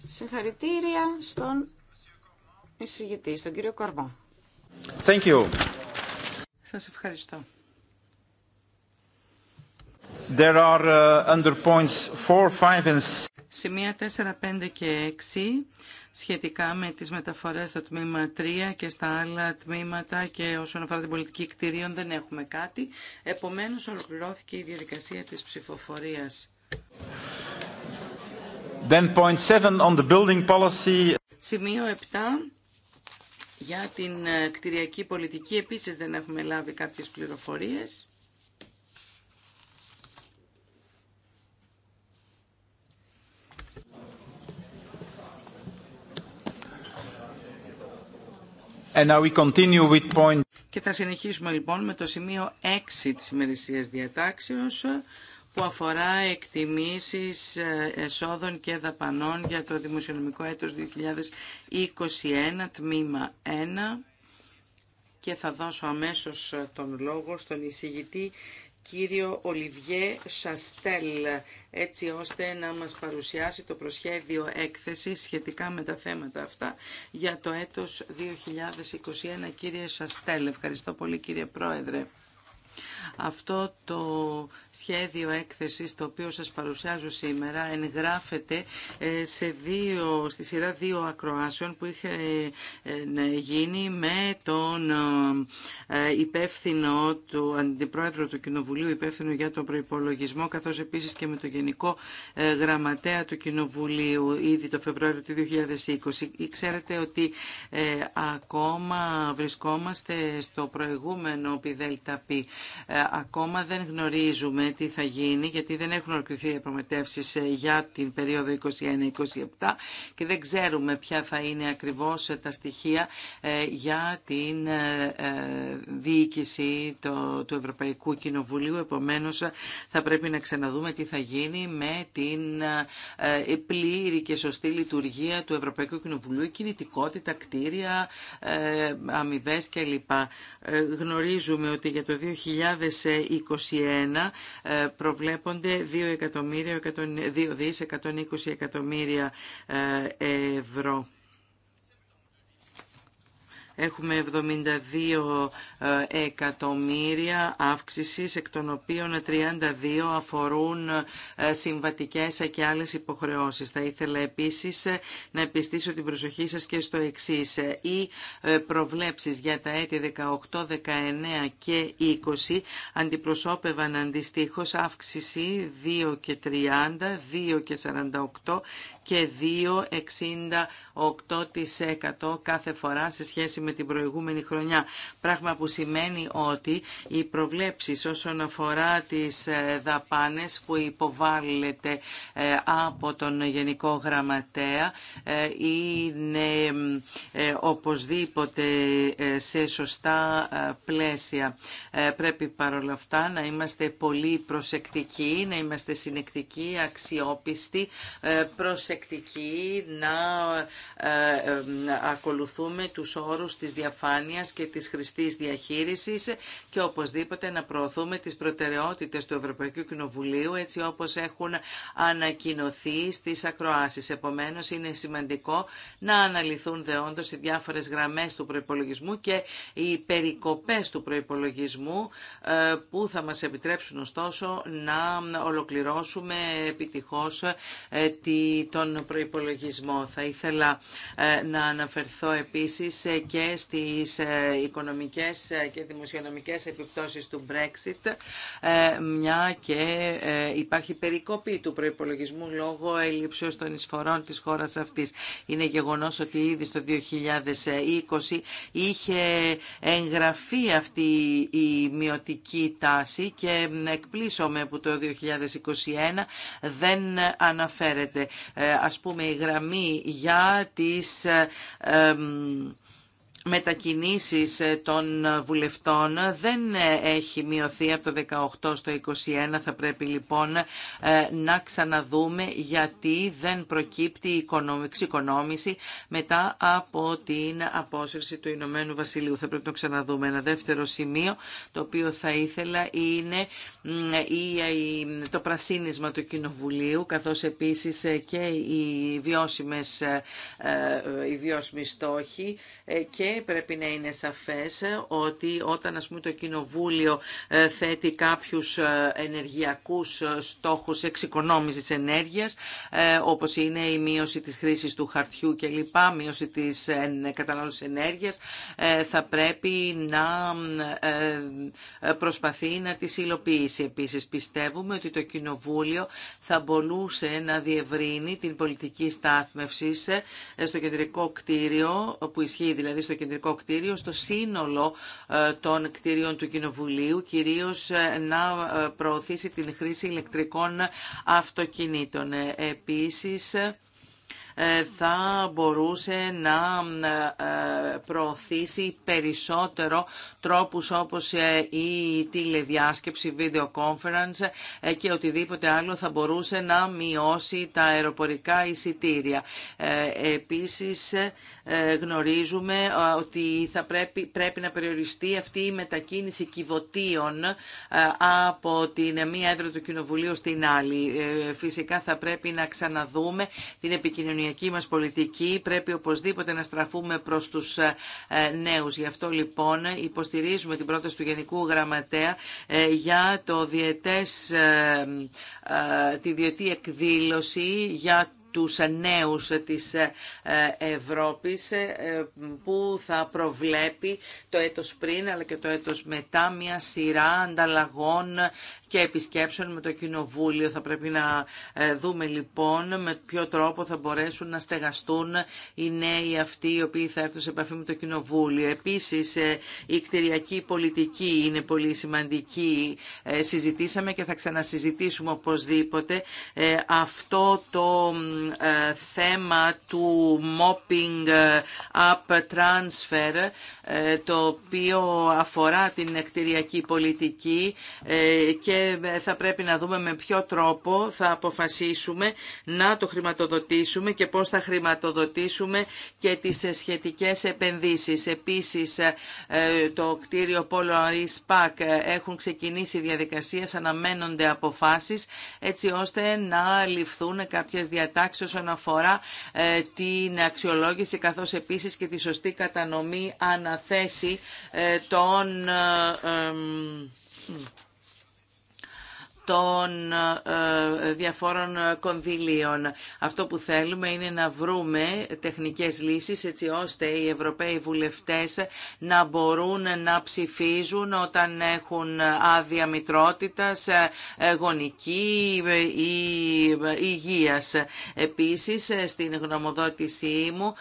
Συγχαρητήρια στον εισηγητή, στον κύριο Κορμό. Thank you. Σας ευχαριστώ. There are uh, under points 4, 5 and... Σημεία 4, 5 και 6 σχετικά με τις μεταφορές στο τμήμα 3 και στα άλλα τμήματα και όσον αφορά την πολιτική κτηρίων δεν έχουμε κάτι. Επομένως ολοκληρώθηκε η διαδικασία της ψηφοφορίας. Then on the building policy. Σημείο 7. Για την ε, κτηριακή πολιτική επίσης δεν έχουμε λάβει κάποιες πληροφορίες. Και θα συνεχίσουμε λοιπόν με το σημείο 6 της ημερησίας διατάξεως που αφορά εκτιμήσεις ε, εσόδων και δαπανών για το δημοσιονομικό έτος 2021, τμήμα 1 και θα δώσω αμέσως ε, τον λόγο στον εισηγητή κύριο Ολιβιέ Σαστέλ, έτσι ώστε να μας παρουσιάσει το προσχέδιο έκθεση σχετικά με τα θέματα αυτά για το έτος 2021. Κύριε Σαστέλ, ευχαριστώ πολύ κύριε Πρόεδρε. Αυτό το σχέδιο έκθεσης το οποίο σας παρουσιάζω σήμερα εγγράφεται ε, σε δύο, στη σειρά δύο ακροάσεων που είχε ε, ναι, γίνει με τον ε, υπεύθυνο του αντιπρόεδρο του Κοινοβουλίου, υπεύθυνο για τον προϋπολογισμό, καθώς επίσης και με τον Γενικό Γραμματέα του Κοινοβουλίου ήδη το Φεβρουάριο του 2020. Ξέρετε ότι ακόμα βρισκόμαστε στο προηγούμενο πι ε, ακόμα δεν γνωρίζουμε τι θα γίνει γιατί δεν έχουν ορκηθεί οι ε, για την περίοδο 2021-2027 και δεν ξέρουμε ποια θα είναι ακριβώς ε, τα στοιχεία για την διοίκηση του Ευρωπαϊκού Κοινοβουλίου. Επομένως θα πρέπει να ξαναδούμε τι θα γίνει με την πλήρη και σωστή λειτουργία του Ευρωπαϊκού Κοινοβουλίου, κινητικότητα, κτίρια, αμοιβέ κλπ. Γνωρίζουμε ότι για το σε 2021 προβλέπονται 2 δις 120 εκατομμύρια ε, ευρώ. Έχουμε 72 ε, εκατομμύρια αύξησης, εκ των οποίων 32 αφορούν ε, συμβατικές και άλλες υποχρεώσεις. Θα ήθελα επίσης ε, να επιστήσω την προσοχή σας και στο εξής. Οι προβλέψεις για τα έτη 18, 19 και 20 αντιπροσώπευαν αντιστοίχως αύξηση 2 και 30, 2 και 48 και 2,68% κάθε φορά σε σχέση με την προηγούμενη χρονιά. Πράγμα που σημαίνει ότι οι προβλέψεις όσον αφορά τις ε, δαπάνες που υποβάλλεται ε, από τον Γενικό Γραμματέα ε, είναι οπωσδήποτε σε σωστά πλαίσια. Πρέπει παρόλα αυτά να είμαστε πολύ προσεκτικοί, να είμαστε συνεκτικοί, αξιόπιστοι, προσεκτικοί να ε, ε, ακολουθούμε τους όρους της διαφάνειας και της χρηστής διαχείρισης και οπωσδήποτε να προωθούμε τις προτεραιότητες του Ευρωπαϊκού Κοινοβουλίου έτσι όπως έχουν ανακοινωθεί στις ακροάσεις. Επομένως είναι σημαντικό να αναλυθούν δεόντως οι διάφορες γραμμές του προϋπολογισμού και οι περικοπές του προϋπολογισμού ε, που θα μας επιτρέψουν ωστόσο να ολοκληρώσουμε επιτυχώς τον τον προϋπολογισμό. Θα ήθελα ε, να αναφερθώ επίσης ε, και στις ε, οικονομικές και δημοσιονομικές επιπτώσεις του Brexit, μια και υπάρχει περικοπή του προϋπολογισμού λόγω έλλειψης των εισφορών της χώρας αυτής. Είναι γεγονός ότι ήδη στο 2020 είχε εγγραφεί αυτή η μειωτική τάση και εκπλήσωμε που το 2021 δεν αναφέρεται ας πούμε η γραμμή για τις ε, μετακινήσεις ε, των βουλευτών δεν ε, έχει μειωθεί από το 18 στο 21. Θα πρέπει λοιπόν ε, να ξαναδούμε γιατί δεν προκύπτει η εξοικονόμηση μετά από την απόσυρση του Ηνωμένου Βασιλείου. Θα πρέπει να ξαναδούμε. Ένα δεύτερο σημείο το οποίο θα ήθελα είναι το πρασίνισμα του Κοινοβουλίου καθώς επίσης και οι, βιώσιμες, οι βιώσιμοι στόχοι και πρέπει να είναι σαφές ότι όταν ας πούμε το Κοινοβούλιο ε, θέτει κάποιους ε, ενεργειακούς ε, στόχους εξοικονόμησης ενέργειας όπως είναι η μείωση της χρήσης του χαρτιού και λοιπά, μείωση της κατανάλωσης ενέργειας θα πρέπει να προσπαθεί να τις υλοποιήσει. Επίσης πιστεύουμε ότι το Κοινοβούλιο θα μπορούσε να διευρύνει την πολιτική στάθμευση στο κεντρικό κτίριο που ισχύει δηλαδή στο κεντρικό κτίριο στο σύνολο ε, των κτίριων του Κοινοβουλίου, κυρίως ε, να ε, προωθήσει την χρήση ηλεκτρικών αυτοκινήτων. Επίσης, ε, θα μπορούσε να ε, προωθήσει περισσότερο τρόπους όπως ε, η τηλεδιάσκεψη, video conference και οτιδήποτε άλλο θα μπορούσε να μειώσει τα αεροπορικά εισιτήρια. Επίσης γνωρίζουμε ότι θα πρέπει, πρέπει να περιοριστεί αυτή η μετακίνηση κυβωτίων από την μία έδρα του Κοινοβουλίου στην άλλη. Φυσικά θα πρέπει να ξαναδούμε την επικοινωνία εκεί μας πολιτική πρέπει οπωσδήποτε να στραφούμε προς τους ε, νέους. Γι' αυτό λοιπόν υποστηρίζουμε την πρόταση του Γενικού Γραμματέα ε, για το διετές, ε, τη διετή εκδήλωση για τους νέους της Ευρώπης που θα προβλέπει το έτος πριν αλλά και το έτος μετά μια σειρά ανταλλαγών και επισκέψεων με το Κοινοβούλιο. Θα πρέπει να ε, δούμε λοιπόν με ποιο τρόπο θα μπορέσουν να στεγαστούν οι νέοι αυτοί οι οποίοι θα έρθουν σε επαφή με το Κοινοβούλιο. Επίσης ε, η κτηριακή πολιτική είναι πολύ σημαντική. Ε, συζητήσαμε και θα ξανασυζητήσουμε οπωσδήποτε αυτό το θέμα του mopping up transfer το οποίο αφορά την κτηριακή πολιτική και θα πρέπει να δούμε με ποιο τρόπο θα αποφασίσουμε να το χρηματοδοτήσουμε και πώς θα χρηματοδοτήσουμε και τις σχετικές επενδύσεις. Επίσης, ε, το κτίριο Πόλο Αρισπάκ ε, έχουν ξεκινήσει διαδικασίες, αναμένονται αποφάσεις, έτσι ώστε να ληφθούν κάποιες διατάξεις όσον αφορά ε, την αξιολόγηση, καθώς επίσης και τη σωστή κατανομή αναθέσει των των ε, διαφόρων κονδυλίων. Αυτό που θέλουμε είναι να βρούμε τεχνικές λύσεις έτσι ώστε οι Ευρωπαίοι βουλευτές να μπορούν να ψηφίζουν όταν έχουν άδεια μητρότητας, ε, γονική ή ε, υγείας. Επίσης, στην γνωμοδότησή μου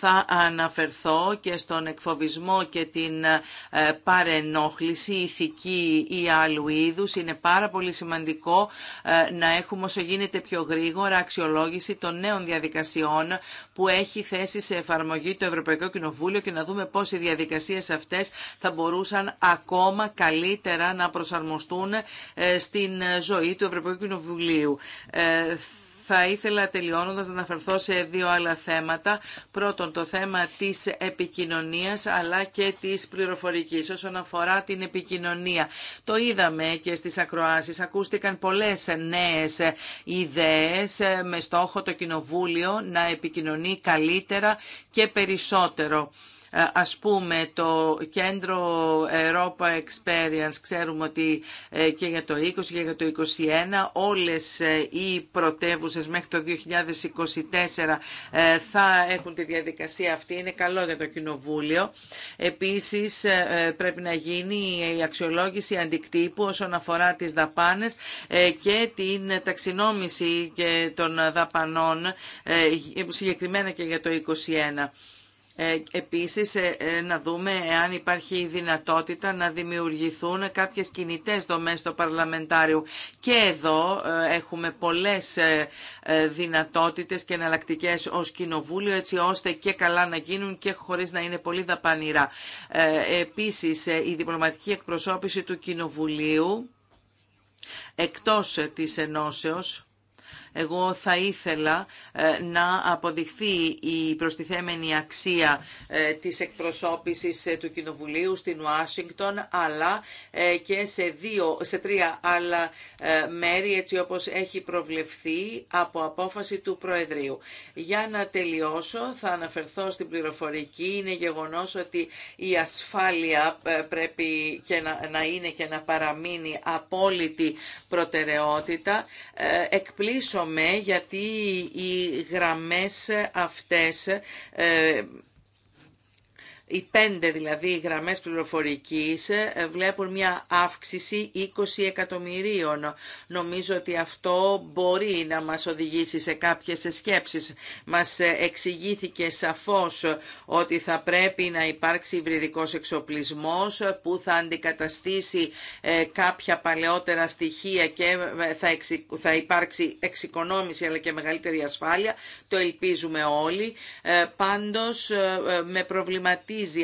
θα αναφερθώ και στον εκφοβισμό και την παρενόχληση ηθική ή άλλου είδους. Είναι πάρα πολύ σημαντικό σημαντικό ε, να έχουμε όσο γίνεται πιο γρήγορα αξιολόγηση των νέων διαδικασιών που έχει θέσει σε εφαρμογή το Ευρωπαϊκό Κοινοβούλιο και να δούμε πώς οι διαδικασίες αυτές θα μπορούσαν ακόμα καλύτερα να προσαρμοστούν ε, στην ζωή του Ευρωπαϊκού Κοινοβουλίου. Ε, θα ήθελα τελειώνοντας να αναφερθώ σε δύο άλλα θέματα. Πρώτον, το θέμα της επικοινωνίας αλλά και της πληροφορικής όσον αφορά την επικοινωνία. Το είδαμε και στις ακροάσεις. Ακούστηκαν πολλές νέες ιδέες ε, με στόχο το Κοινοβούλιο να επικοινωνεί καλύτερα και περισσότερο. Ε, ας πούμε το κέντρο Europa Experience ξέρουμε ότι ε, και για το 20 και για το 2021 όλες ε, οι πρωτεύουσε μέχρι το 2024 θα έχουν τη διαδικασία αυτή. Είναι καλό για το Κοινοβούλιο. Επίσης πρέπει να γίνει η αξιολόγηση αντικτύπου όσον αφορά τις δαπάνες και την ταξινόμηση και των δαπανών συγκεκριμένα και για το 2021. Ε, επίσης ε, ε, να δούμε αν υπάρχει η δυνατότητα να δημιουργηθούν κάποιες κινητές δομές στο Παρλαμεντάριο. Και εδώ έχουμε πολλές δυνατότητες και εναλλακτικέ ως Κοινοβούλιο έτσι ώστε και καλά να γίνουν και χωρίς να είναι πολύ δαπανηρά. Επίσης η διπλωματική εκπροσώπηση του Κοινοβουλίου εκτός της ενώσεως εγώ θα ήθελα ε, να αποδειχθεί η προστιθέμενη αξία ε, της εκπροσώπησης ε, του Κοινοβουλίου στην Ουάσιγκτον, αλλά και σε, δύο, σε τρία άλλα μέρη, έτσι όπως έχει προβλεφθεί από απόφαση του Προεδρείου. Για να τελειώσω, θα αναφερθώ στην πληροφορική. Είναι γεγονός ότι η ασφάλεια πρέπει και να, να είναι και να παραμείνει απόλυτη προτεραιότητα. Εκπλήσω γιατί οι γραμμές αυτές ε, οι πέντε δηλαδή γραμμές πληροφορικής ε, βλέπουν μια αύξηση 20 εκατομμυρίων. Νομίζω ότι αυτό μπορεί να μας οδηγήσει σε κάποιες σκέψεις. Μας ε, εξηγήθηκε σαφώς ότι θα πρέπει να υπάρξει υβριδικός εξοπλισμός που θα αντικαταστήσει ε, κάποια παλαιότερα στοιχεία και θα υπάρξει εξοικονόμηση αλλά και μεγαλύτερη ασφάλεια. Το ελπίζουμε όλοι. Πάντως με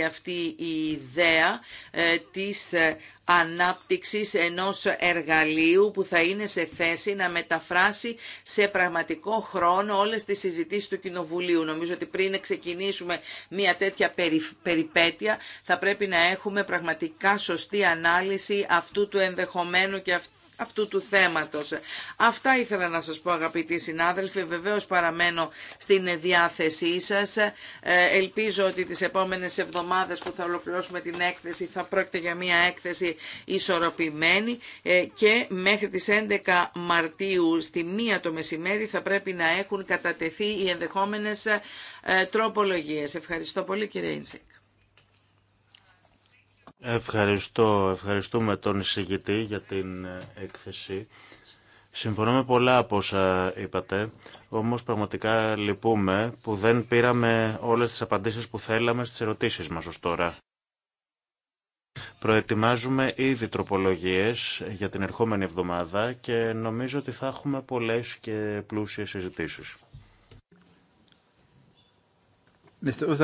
αυτή η ιδέα ε, της ε, ανάπτυξης ενός εργαλείου που θα είναι σε θέση να μεταφράσει σε πραγματικό χρόνο όλες τις συζητήσεις του Κοινοβουλίου. Νομίζω ότι πριν ξεκινήσουμε μια τέτοια περιπέτεια θα πρέπει να έχουμε πραγματικά σωστή ανάλυση αυτού του ενδεχομένου και αυτού αυτού του θέματος. Αυτά ήθελα να σας πω αγαπητοί συνάδελφοι. Βεβαίως παραμένω στην διάθεσή σας. Ε, ελπίζω ότι τις επόμενες εβδομάδες που θα ολοκληρώσουμε την έκθεση θα πρόκειται για μια έκθεση ισορροπημένη ε, και μέχρι τις 11 Μαρτίου στη μία το μεσημέρι θα πρέπει να έχουν κατατεθεί οι ενδεχόμενες ε, τροπολογίες. Ευχαριστώ πολύ κύριε Ίνσεκ. Ευχαριστώ. Ευχαριστούμε τον εισηγητή για την έκθεση. Συμφωνώ με πολλά από όσα είπατε, όμως πραγματικά λυπούμε που δεν πήραμε όλες τις απαντήσεις που θέλαμε στις ερωτήσεις μας ως τώρα. Προετοιμάζουμε ήδη τροπολογίες για την ερχόμενη εβδομάδα και νομίζω ότι θα έχουμε πολλές και πλούσιες συζητήσεις. Mr.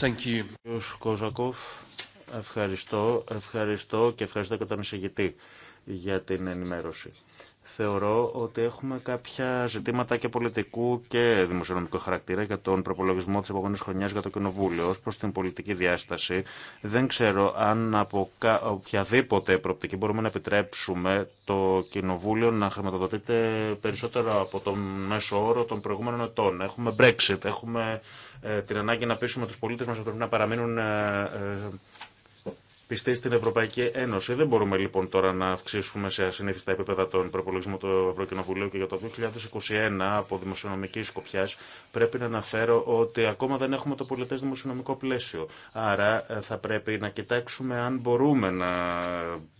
Thank you κύριος Κόζακοφ, ευχαριστώ, ευχαριστώ και ευχαριστώ και τον εισηγητή για την ενημέρωση θεωρώ ότι έχουμε κάποια ζητήματα και πολιτικού και δημοσιονομικού χαρακτήρα για τον προπολογισμό τη επόμενη χρονιά για το Κοινοβούλιο. Ω προ την πολιτική διάσταση, δεν ξέρω αν από οποιαδήποτε προοπτική μπορούμε να επιτρέψουμε το Κοινοβούλιο να χρηματοδοτείται περισσότερο από τον μέσο όρο των προηγούμενων ετών. Έχουμε Brexit, έχουμε ε, την ανάγκη να πείσουμε του πολίτε μα ότι πρέπει να παραμείνουν ε, ε, πιστεί στην Ευρωπαϊκή Ένωση. Δεν μπορούμε λοιπόν τώρα να αυξήσουμε σε ασυνήθιστα επίπεδα τον προπολογισμό του Ευρωκοινοβουλίου και για το 2021 από δημοσιονομική σκοπιά πρέπει να αναφέρω ότι ακόμα δεν έχουμε το πολιτέ δημοσιονομικό πλαίσιο. Άρα ε, θα πρέπει να κοιτάξουμε αν μπορούμε να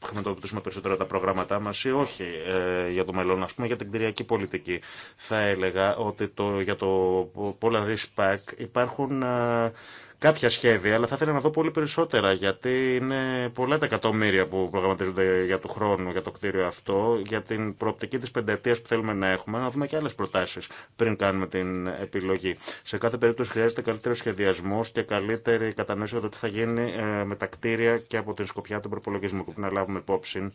χρηματοδοτήσουμε περισσότερα τα προγράμματά μα ή όχι ε, για το μέλλον. Α πούμε για την κτηριακή πολιτική. Θα έλεγα ότι το, για το Polar Risk Pack υπάρχουν. Ε, κάποια σχέδια, αλλά θα ήθελα να δω πολύ περισσότερα, γιατί είναι πολλά τα εκατομμύρια που προγραμματίζονται για το χρόνο, για το κτίριο αυτό, για την προοπτική τη πενταετία που θέλουμε να έχουμε, να δούμε και άλλε προτάσει πριν κάνουμε την επιλογή. Σε κάθε περίπτωση χρειάζεται καλύτερο σχεδιασμό και καλύτερη κατανόηση για το τι θα γίνει ε, με τα κτίρια και από την σκοπιά του προπολογισμού που να λάβουμε υπόψη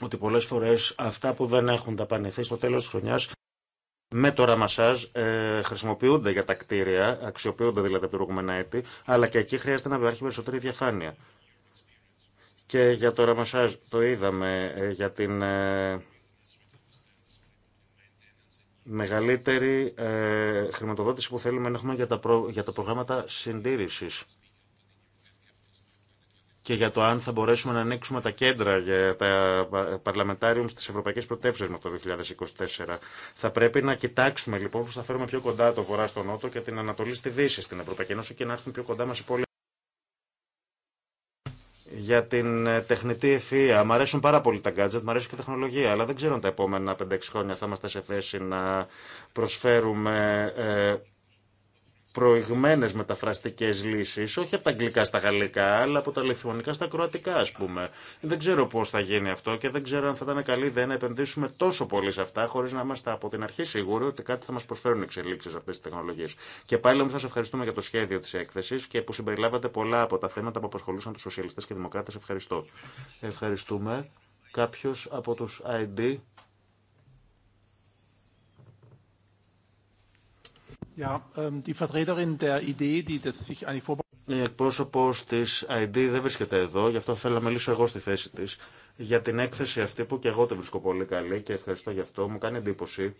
ότι πολλές φορές αυτά που δεν έχουν ταπανηθεί στο τέλος της χρονιάς με το ραμασάζ ε, χρησιμοποιούνται για τα κτίρια, αξιοποιούνται δηλαδή τα προηγούμενα έτη, αλλά και εκεί χρειάζεται να υπάρχει περισσότερη διαφάνεια. Και για το ραμασάζ το είδαμε ε, για την ε, μεγαλύτερη ε, χρηματοδότηση που θέλουμε να έχουμε για τα, για τα προγράμματα συντήρησης και για το αν θα μπορέσουμε να ανοίξουμε τα κέντρα για τα παρλαμεντάριου στι ευρωπαϊκέ πρωτεύουσε με το 2024. Θα πρέπει να κοιτάξουμε λοιπόν πώ θα φέρουμε πιο κοντά το βορρά στο νότο και την Ανατολή στη Δύση στην Ευρωπαϊκή Ένωση και να έρθουν πιο κοντά μα οι πολίτε. Για την ε, τεχνητή ευφυα. Μ' αρέσουν πάρα πολύ τα gadget, μ' αρέσει και η τεχνολογία, αλλά δεν ξέρω αν τα επόμενα 5-6 χρόνια θα είμαστε σε θέση να προσφέρουμε ε, προηγμένες μεταφραστικές λύσεις, όχι από τα αγγλικά στα γαλλικά, αλλά από τα λιθουανικά στα κροατικά, ας πούμε. Δεν ξέρω πώς θα γίνει αυτό και δεν ξέρω αν θα ήταν καλή ιδέα να επενδύσουμε τόσο πολύ σε αυτά, χωρίς να είμαστε από την αρχή σίγουροι ότι κάτι θα μας προσφέρουν εξελίξεις αυτές τις τεχνολογίες. Και πάλι όμως θα σας ευχαριστούμε για το σχέδιο της έκθεσης και που συμπεριλάβατε πολλά από τα θέματα που απασχολούσαν τους σοσιαλιστές και δημοκράτες. Ευχαριστώ. Ευχαριστούμε. Κάποιος από τους ID Ähm, Η εκπρόσωπο τη ID δεν βρίσκεται εδώ, γι' αυτό θέλω να μιλήσω εγώ στη θέση τη. Για την έκθεση αυτή που και εγώ την βρίσκω πολύ καλή και ευχαριστώ γι' αυτό, μου κάνει εντύπωση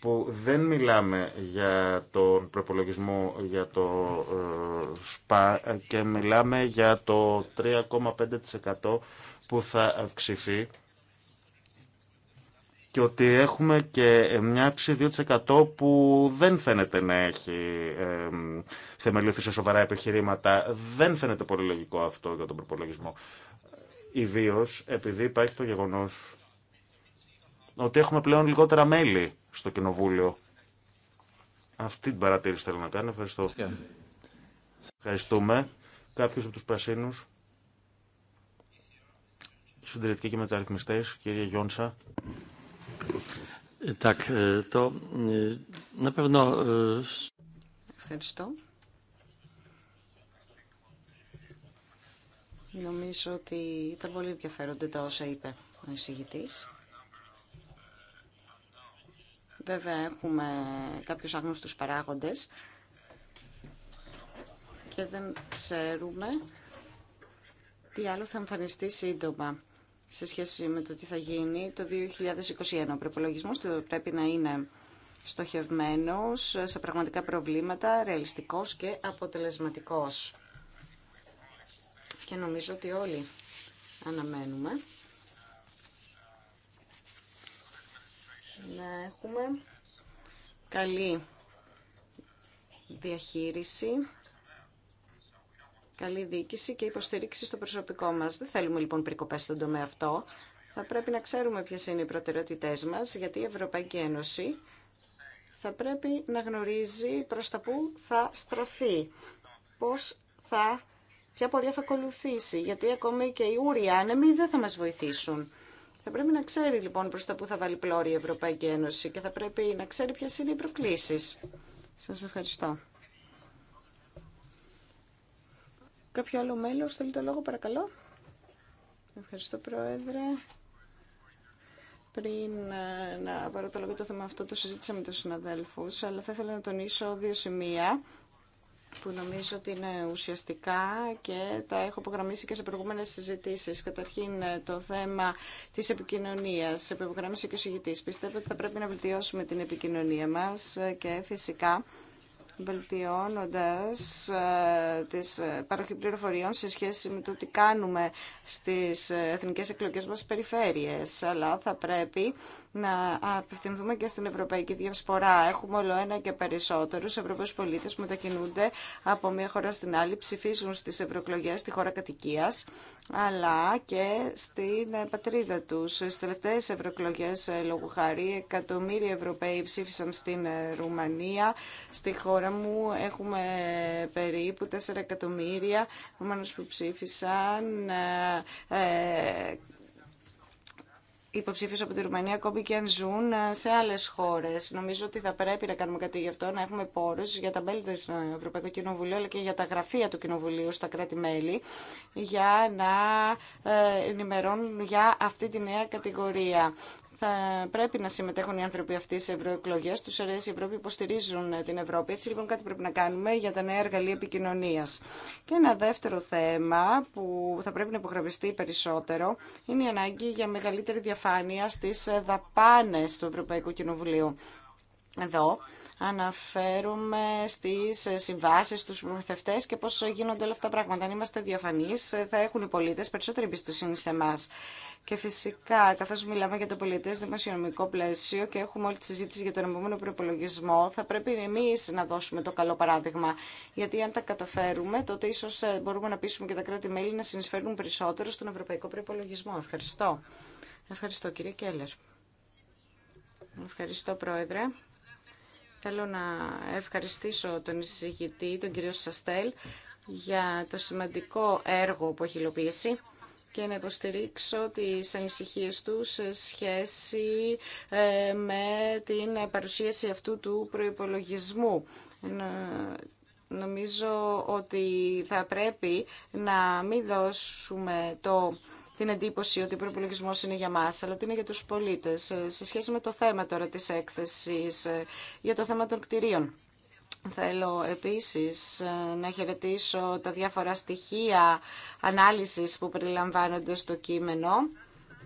που δεν μιλάμε για τον προπολογισμό για το ε, ΣΠΑ και μιλάμε για το 3,5% που θα αυξηθεί και ότι έχουμε και ε, μια αύξηση 2% που δεν φαίνεται να έχει ε, θεμελιωθεί σε σοβαρά επιχειρήματα. Δεν φαίνεται πολύ λογικό αυτό για τον προπολογισμό. Ιδίω επειδή υπάρχει το γεγονό ότι έχουμε πλέον λιγότερα μέλη στο Κοινοβούλιο. Αυτή την παρατήρηση θέλω να κάνω. Ευχαριστώ. Yeah. Ευχαριστούμε. Κάποιο από τους Πρασίνους. Συντηρητικοί και μεταρρυθμιστέ, κύριε Γιόνσα. E, e, e, Ευχαριστώ. Νομίζω ότι ήταν πολύ ενδιαφέροντα τα όσα είπε ο εισηγητή. Βέβαια έχουμε κάποιους άγνωστους παράγοντες και δεν ξέρουμε τι άλλο θα εμφανιστεί σύντομα σε σχέση με το τι θα γίνει το 2021. Ο προπολογισμό του πρέπει να είναι στοχευμένος σε πραγματικά προβλήματα, ρεαλιστικός και αποτελεσματικός. Και νομίζω ότι όλοι αναμένουμε να έχουμε καλή διαχείριση καλή διοίκηση και υποστηρίξη στο προσωπικό μας. Δεν θέλουμε λοιπόν περικοπές στον τομέα αυτό. Θα πρέπει να ξέρουμε ποιες είναι οι προτεραιότητές μας, γιατί η Ευρωπαϊκή Ένωση θα πρέπει να γνωρίζει προς τα που θα στραφεί, πώς θα, ποια πορεία θα ακολουθήσει, γιατί ακόμη και οι ούροι άνεμοι δεν θα μας βοηθήσουν. Θα πρέπει να ξέρει λοιπόν προς τα που θα βάλει πλώρη η Ευρωπαϊκή Ένωση και θα πρέπει να ξέρει ποιες είναι οι προκλήσεις. Σας ευχαριστώ. Κάποιο άλλο μέλος θέλει το λόγο παρακαλώ. Ευχαριστώ Πρόεδρε. Πριν ε, να πάρω το λόγο το θέμα αυτό, το συζήτησα με τους συναδέλφους, αλλά θα ήθελα να τονίσω δύο σημεία που νομίζω ότι είναι ουσιαστικά και τα έχω απογραμμίσει και σε προηγούμενε συζητήσει. Καταρχήν, ε, το θέμα τη επικοινωνία, που υπογράμμισε και ο Πιστεύω ότι θα πρέπει να βελτιώσουμε την επικοινωνία μα ε, και φυσικά βελτιώνοντας ε, τις ε, παροχή πληροφοριών σε σχέση με το τι κάνουμε στις ε, εθνικές εκλογές μας περιφέρειες. Αλλά θα πρέπει να απευθυνθούμε και στην Ευρωπαϊκή Διασπορά. Έχουμε όλο ένα και περισσότερους Ευρωπαίους πολίτες που μετακινούνται από μία χώρα στην άλλη, ψηφίζουν στις ευρωεκλογέ στη χώρα κατοικίας, αλλά και στην πατρίδα τους. Στις τελευταίες ευρωεκλογέ λόγου χάρη, εκατομμύρια Ευρωπαίοι ψήφισαν στην Ρουμανία, στη χώρα μου έχουμε περίπου 4 εκατομμύρια ομάνους που ψήφισαν ε, ε, υποψήφιου από τη Ρουμανία, ακόμη και αν ζουν ε, σε άλλες χώρες. Νομίζω ότι θα πρέπει να κάνουμε κάτι γι' αυτό, να έχουμε πόρους για τα μέλη του Ευρωπαϊκού Κοινοβουλίου, αλλά και για τα γραφεία του Κοινοβουλίου στα κράτη-μέλη, για να ενημερώνουν για αυτή τη νέα κατηγορία θα πρέπει να συμμετέχουν οι άνθρωποι αυτοί σε ευρωεκλογέ. Του αρέσει η Ευρώπη, υποστηρίζουν ε, την Ευρώπη. Έτσι λοιπόν κάτι πρέπει να κάνουμε για τα νέα εργαλεία επικοινωνία. Και ένα δεύτερο θέμα που θα πρέπει να υπογραμμιστεί περισσότερο είναι η ανάγκη για μεγαλύτερη διαφάνεια στι ε, δαπάνε του Ευρωπαϊκού Κοινοβουλίου. Εδώ αναφέρουμε στις συμβάσεις, στους προμηθευτέ και πώς γίνονται όλα αυτά τα πράγματα. Αν είμαστε διαφανείς θα έχουν οι πολίτες περισσότερη εμπιστοσύνη σε εμά. Και φυσικά, καθώ μιλάμε για το πολιτέ δημοσιονομικό πλαίσιο και έχουμε όλη τη συζήτηση για τον επόμενο προπολογισμό, θα πρέπει εμεί να δώσουμε το καλό παράδειγμα. Γιατί αν τα καταφέρουμε, τότε ίσω ε, μπορούμε να πείσουμε και τα κράτη-μέλη να συνεισφέρουν περισσότερο στον ευρωπαϊκό προπολογισμό. Ευχαριστώ. Ευχαριστώ, κύριε Κέλλερ. Ευχαριστώ, Πρόεδρε. Θέλω να ευχαριστήσω τον εισηγητή, τον κύριο Σαστέλ, για το σημαντικό έργο που έχει υλοποιήσει και να υποστηρίξω τις ανησυχίες του σε σχέση ε, με την παρουσίαση αυτού του προϋπολογισμού. Νομίζω ότι θα πρέπει να μην δώσουμε το την εντύπωση ότι ο προπολογισμό είναι για μα, αλλά ότι είναι για του πολίτε. Ε, σε σχέση με το θέμα τώρα τη έκθεση, ε, για το θέμα των κτηρίων. Θέλω επίσης ε, να χαιρετήσω τα διάφορα στοιχεία ανάλυσης που περιλαμβάνονται στο κείμενο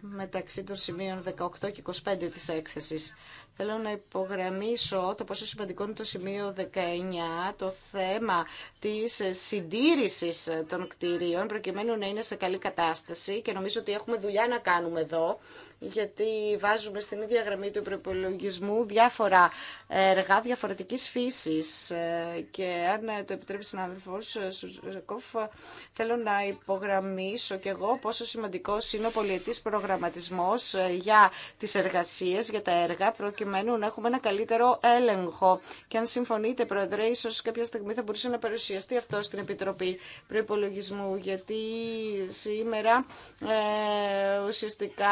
μεταξύ των σημείων 18 και 25 της έκθεσης. Θέλω να υπογραμμίσω το πόσο σημαντικό είναι το σημείο 19, το θέμα της συντήρησης των κτηρίων, προκειμένου να είναι σε καλή κατάσταση και νομίζω ότι έχουμε δουλειά να κάνουμε εδώ, γιατί βάζουμε στην ίδια γραμμή του προπολογισμού διάφορα έργα διαφορετικής φύσης. Και αν το επιτρέπει συνάδελφος Σουζεκόφ, θέλω να υπογραμμίσω και εγώ πόσο σημαντικός είναι ο πολιετής προγραμματισμός για τις εργασίες, για τα έργα, προκειμένου να έχουμε ένα καλύτερο έλεγχο. Και αν συμφωνείτε, Πρόεδρε, ίσω κάποια στιγμή θα μπορούσε να παρουσιαστεί αυτό στην Επιτροπή Προπολογισμού, γιατί σήμερα ε, ουσιαστικά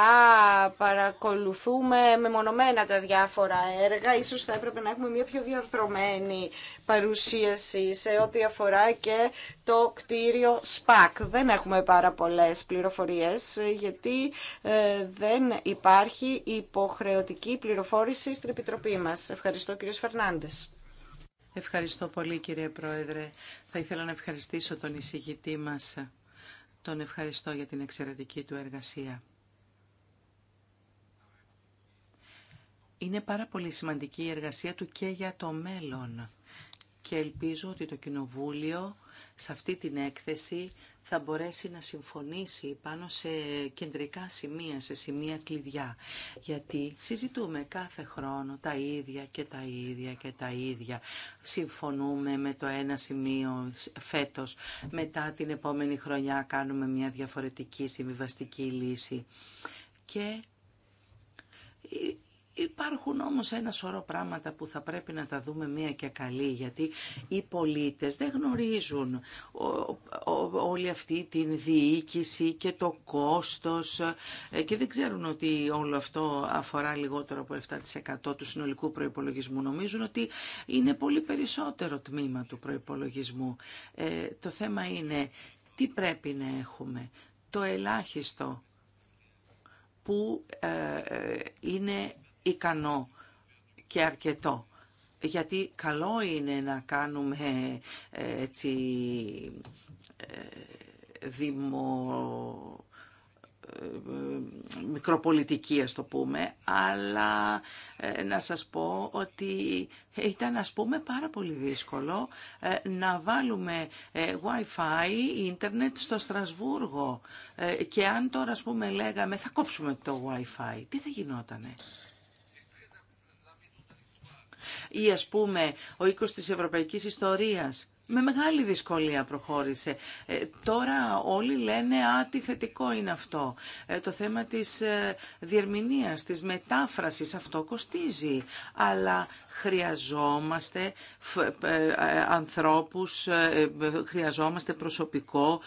παρακολουθούμε μεμονωμένα τα διάφορα έργα. Ίσως θα έπρεπε να έχουμε μια πιο διαρθρωμένη παρουσίαση σε ό,τι αφορά και το κτίριο ΣΠΑΚ. Δεν έχουμε πάρα πολλές πληροφορίες γιατί ε, δεν υπάρχει υποχρεωτική πληροφόρηση στην Επιτροπή μας. Ευχαριστώ κύριος Φερνάντες. Ευχαριστώ πολύ κύριε Πρόεδρε. Θα ήθελα να ευχαριστήσω τον εισηγητή μας. Τον ευχαριστώ για την εξαιρετική του εργασία. Είναι πάρα πολύ σημαντική η εργασία του και για το μέλλον και ελπίζω ότι το Κοινοβούλιο σε αυτή την έκθεση θα μπορέσει να συμφωνήσει πάνω σε κεντρικά σημεία, σε σημεία κλειδιά. Γιατί συζητούμε κάθε χρόνο τα ίδια και τα ίδια και τα ίδια. Συμφωνούμε με το ένα σημείο φέτος, μετά την επόμενη χρονιά κάνουμε μια διαφορετική συμβιβαστική λύση. Και Υπάρχουν όμως ένα σωρό πράγματα που θα πρέπει να τα δούμε μία και καλή, γιατί οι πολίτες δεν γνωρίζουν όλη αυτή την διοίκηση και το κόστος ε, και δεν ξέρουν ότι όλο αυτό αφορά λιγότερο από 7% του συνολικού προϋπολογισμού. Νομίζουν ότι είναι πολύ περισσότερο τμήμα του προϋπολογισμού. Ε, το θέμα είναι τι πρέπει να έχουμε. Το ελάχιστο που ε, είναι ικανό και αρκετό. Γιατί καλό είναι να κάνουμε ε, έτσι ε, δημο ε, μικροπολιτική ας το πούμε, αλλά να σας πω ότι ήταν ας πούμε πάρα πολύ δύσκολο να βάλουμε Wi-Fi, ίντερνετ στο Στρασβούργο και αν τώρα ας πούμε λέγαμε θα κόψουμε το Wi-Fi, τι θα γινότανε ή ας πούμε ο οίκος της ευρωπαϊκής ιστορίας με μεγάλη δυσκολία προχώρησε. Ε, τώρα όλοι λένε «Α, θετικό είναι αυτό». Ε, το θέμα της ε, διερμηνίας, της μετάφρασης, αυτό κοστίζει. Αλλά χρειαζόμαστε ανθρώπους, χρειαζόμαστε προσωπικό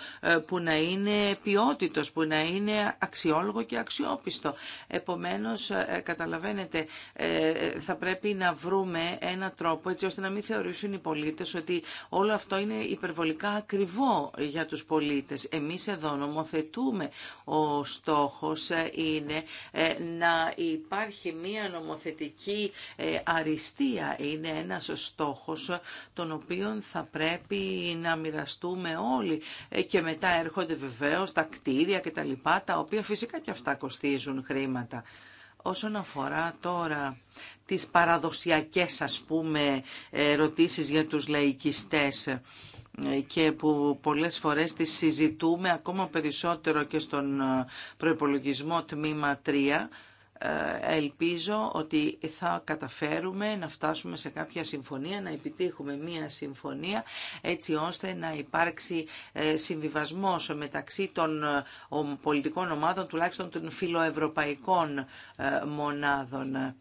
που να είναι ποιότητος, που να είναι αξιόλογο και αξιόπιστο. Επομένως, καταλαβαίνετε, θα πρέπει να βρούμε ένα τρόπο έτσι ώστε να μην θεωρήσουν οι πολίτες ότι όλο αυτό είναι υπερβολικά ακριβό για τους πολίτες. Εμείς εδώ νομοθετούμε. Ο στόχος ε, είναι ε, να υπάρχει μία νομοθετική ε, αριστεία. Είναι ένας στόχος τον οποίο θα πρέπει να μοιραστούμε όλοι. Και μετά έρχονται βεβαίως τα κτίρια και τα λοιπά, τα οποία φυσικά και αυτά κοστίζουν χρήματα. Όσον αφορά τώρα τις παραδοσιακές ας πούμε ερωτήσεις για τους λαϊκιστές ε, και που πολλές φορές τις συζητούμε ακόμα περισσότερο και στον ε, προϋπολογισμό τμήμα 3 ε, ελπίζω ότι θα καταφέρουμε να φτάσουμε σε κάποια συμφωνία, να επιτύχουμε μία συμφωνία έτσι ώστε να υπάρξει ε, συμβιβασμός μεταξύ των ε, πολιτικών ομάδων, τουλάχιστον των φιλοευρωπαϊκών μονάδων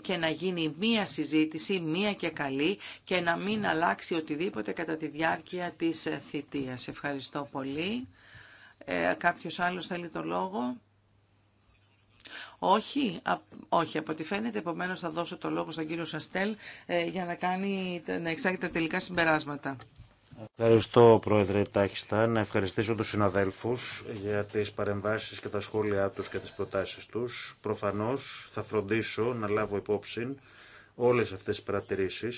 και να γίνει μία συζήτηση, μία και καλή και να μην αλλάξει οτιδήποτε κατά τη διάρκεια της θητείας. Ευχαριστώ πολύ. Ε, κάποιος άλλος θέλει το λόγο. Όχι, όχι από ό,τι φαίνεται. Επομένω, θα δώσω το λόγο στον κύριο Σαστέλ ε, για να, κάνει, να εξάγει τα τελικά συμπεράσματα. Ευχαριστώ Πρόεδρε Τάχιστα, να ευχαριστήσω τους συναδέλφους για τις παρεμβάσει και τα σχόλιά του και τις προτάσεις τους. Προφανώς θα φροντίσω να λάβω υπόψη όλες αυτές τις παρατηρήσει.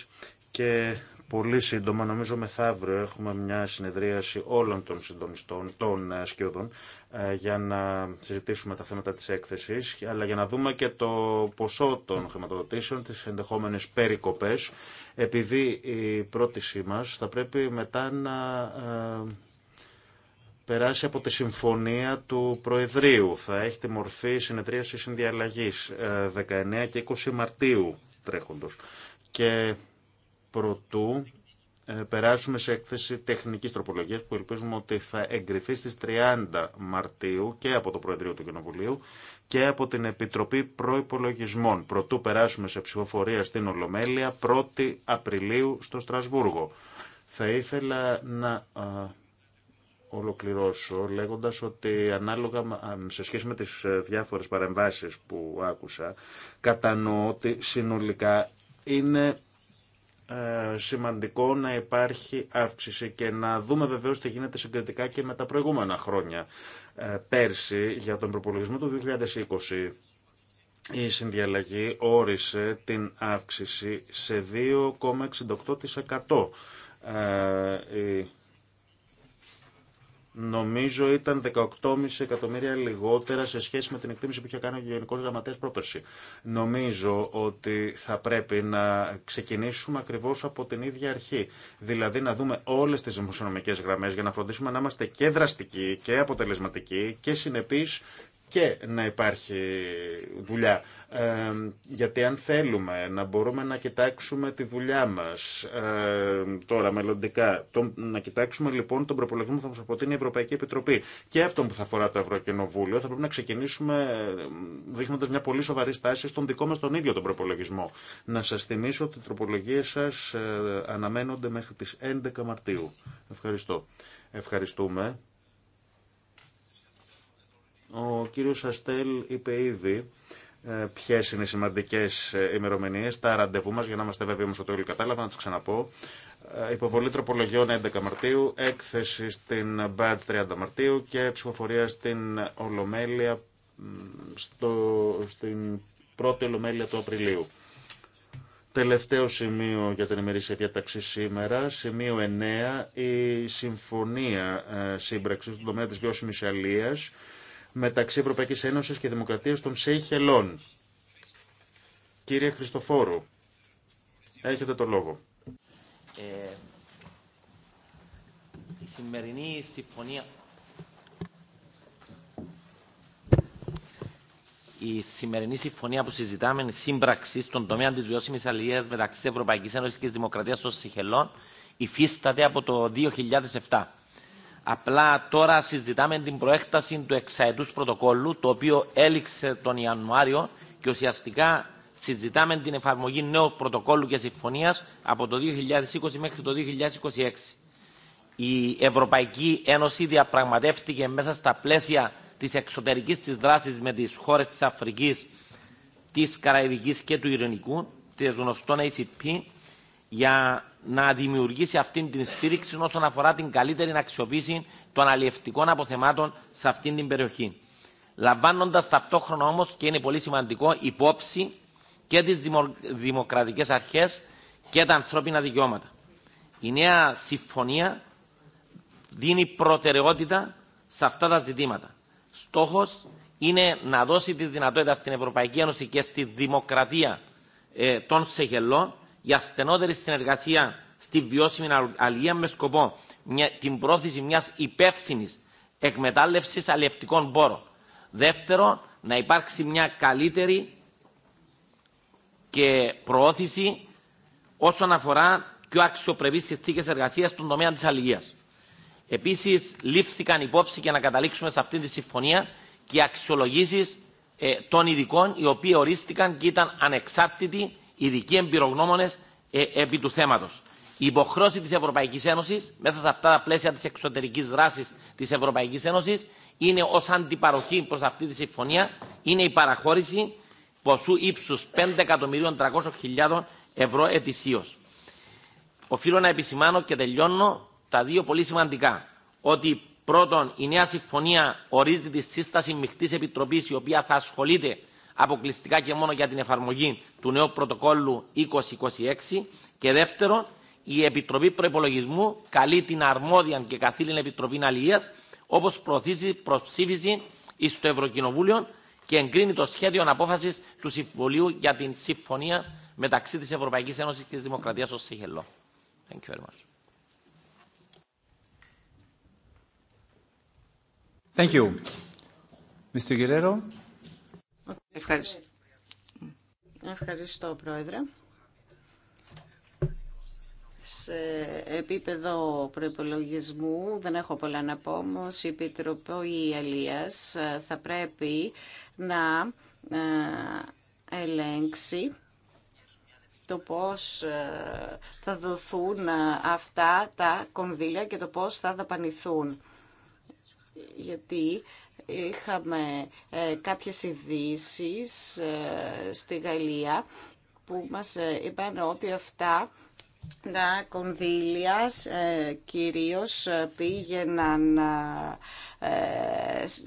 και Πολύ σύντομα, νομίζω μεθαύριο, έχουμε μια συνεδρίαση όλων των συντονιστών, των ε, σκιωδών, ε, για να συζητήσουμε τα θέματα της έκθεσης, αλλά για να δούμε και το ποσό των χρηματοδοτήσεων, τις ενδεχόμενες περικοπές, επειδή η πρότησή μας θα πρέπει μετά να ε, περάσει από τη συμφωνία του Προεδρείου. Θα έχει τη μορφή συνεδρίασης συνδιαλλαγής 19 και 20 Μαρτίου τρέχοντος. Και προτού ε, περάσουμε σε έκθεση τεχνικής τροπολογίας που ελπίζουμε ότι θα εγκριθεί στις 30 Μαρτίου και από το Προεδρείο του Κοινοβουλίου και από την Επιτροπή Προϋπολογισμών. Προτού περάσουμε σε ψηφοφορία στην Ολομέλεια 1η Απριλίου στο Στρασβούργο. Θα ήθελα να ε, ολοκληρώσω λέγοντας ότι ανάλογα ε, σε σχέση με τις διάφορες παρεμβάσεις που άκουσα κατανοώ ότι συνολικά είναι ε, σημαντικό να υπάρχει αύξηση και να δούμε βεβαίως τι γίνεται συγκριτικά και με τα προηγούμενα χρόνια. Ε, πέρσι, για τον προπολογισμό του 2020, η συνδιαλλαγή όρισε την αύξηση σε 2,68% νομίζω ήταν 18,5 εκατομμύρια λιγότερα σε σχέση με την εκτίμηση που είχε κάνει ο Γενικό Γραμματέα πρόπερση. Νομίζω ότι θα πρέπει να ξεκινήσουμε ακριβώ από την ίδια αρχή. Δηλαδή να δούμε όλε τι δημοσιονομικέ γραμμέ για να φροντίσουμε να είμαστε και δραστικοί και αποτελεσματικοί και συνεπεί και να υπάρχει δουλειά. Ε, γιατί αν θέλουμε να μπορούμε να κοιτάξουμε τη δουλειά μας ε, τώρα μελλοντικά, το, να κοιτάξουμε λοιπόν τον προπολογισμό που θα μας αποτείνει η Ευρωπαϊκή Επιτροπή και αυτόν που θα αφορά το Ευρωκοινοβούλιο, θα πρέπει να ξεκινήσουμε ε, δείχνοντας μια πολύ σοβαρή στάση στον δικό μας τον ίδιο τον προπολογισμό. Να σας θυμίσω ότι οι τροπολογίες σας ε, αναμένονται μέχρι τις 11 Μαρτίου. Ευχαριστώ. Ευχαριστούμε. Ο κύριος Αστέλ είπε ήδη ε, ποιε είναι οι σημαντικέ ε, ημερομηνίε, τα ραντεβού μα, για να είμαστε βέβαιοι όμω ότι όλοι κατάλαβα, να τι ξαναπώ. Ε, υποβολή τροπολογιών 11 Μαρτίου, έκθεση στην Μπάτ 30 Μαρτίου και ψηφοφορία στην Ολομέλεια, στο, στην πρώτη Ολομέλεια του Απριλίου. Τελευταίο σημείο για την ημερήσια διαταξή σήμερα, σημείο 9, η συμφωνία σύμπραξη στον τομέα τη βιώσιμη μεταξύ Ευρωπαϊκής Ένωσης και Δημοκρατίας των Σέιχελών. Κύριε Χριστοφόρου, έχετε το λόγο. Ε, η σημερινή συμφωνία... Η σημερινή συμφωνία που συζητάμε είναι σύμπραξη στον τομέα τη βιώσιμη αλληλεία μεταξύ Ευρωπαϊκή Ένωση και Δημοκρατία των Σιχελών. Υφίσταται από το 2007. Απλά τώρα συζητάμε την προέκταση του εξαετούς πρωτοκόλλου, το οποίο έληξε τον Ιανουάριο και ουσιαστικά συζητάμε την εφαρμογή νέου πρωτοκόλλου και συμφωνίας από το 2020 μέχρι το 2026. Η Ευρωπαϊκή Ένωση διαπραγματεύτηκε μέσα στα πλαίσια της εξωτερικής της δράσης με τις χώρες της Αφρικής, της Καραϊβικής και του Ειρηνικού, της γνωστών ACP, για να δημιουργήσει αυτήν την στήριξη όσον αφορά την καλύτερη αξιοποίηση των αλλιευτικών αποθεμάτων σε αυτήν την περιοχή. Λαμβάνοντα ταυτόχρονα όμω, και είναι πολύ σημαντικό, υπόψη και τι δημοκρατικέ αρχέ και τα ανθρώπινα δικαιώματα. Η νέα συμφωνία δίνει προτεραιότητα σε αυτά τα ζητήματα. Στόχο, είναι να δώσει τη δυνατότητα στην Ευρωπαϊκή Ένωση και στη δημοκρατία ε, των Σεχελών για στενότερη συνεργασία στη βιώσιμη αλληλεία με σκοπό την πρόθεση μιας υπεύθυνη εκμετάλλευση αλληλευτικών πόρων. Δεύτερο, να υπάρξει μια καλύτερη και προώθηση όσον αφορά πιο αξιοπρεπεί συνθήκε εργασία στον τομέα τη αλληλεία. Επίση, λήφθηκαν υπόψη και να καταλήξουμε σε αυτή τη συμφωνία και αξιολογήσει ε, των ειδικών οι οποίοι ορίστηκαν και ήταν ανεξάρτητοι ειδικοί εμπειρογνώμονε ε, επί του θέματο. Η υποχρέωση τη Ευρωπαϊκή Ένωση μέσα σε αυτά τα πλαίσια τη εξωτερική δράση τη Ευρωπαϊκή Ένωση είναι ω αντιπαροχή προ αυτή τη συμφωνία είναι η παραχώρηση ποσού ύψου 5.300.000 ευρώ ετησίω. Οφείλω να επισημάνω και τελειώνω τα δύο πολύ σημαντικά. Ότι πρώτον, η νέα συμφωνία ορίζει τη σύσταση μειχτή επιτροπή η οποία θα ασχολείται αποκλειστικά και μόνο για την εφαρμογή του νέου πρωτοκόλλου 2026 και δεύτερον, η Επιτροπή Προπολογισμού καλεί την αρμόδια και καθήλυν Επιτροπή Αλληλεία, όπω προωθήσει προψήφιση το Ευρωκοινοβούλιο και εγκρίνει το σχέδιο απόφαση του Συμβουλίου για την συμφωνία μεταξύ τη Ευρωπαϊκή Ένωση και τη Δημοκρατία ω Σιχελό. Thank you Thank you. Mr. Ευχαριστώ. Πρόεδρε. Σε επίπεδο προπολογισμού δεν έχω πολλά να πω, όμως η Επιτροπή Αλίας ε, θα πρέπει να ε, ελέγξει το πώς ε, θα δοθούν αυτά τα κονδύλια και το πώς θα δαπανηθούν. Γιατί είχαμε ε, κάποιες ειδήσει ε, στη Γαλλία που μας ε, είπαν ότι αυτά τα κονδύλια ε, κυρίως ε, πήγαιναν ε,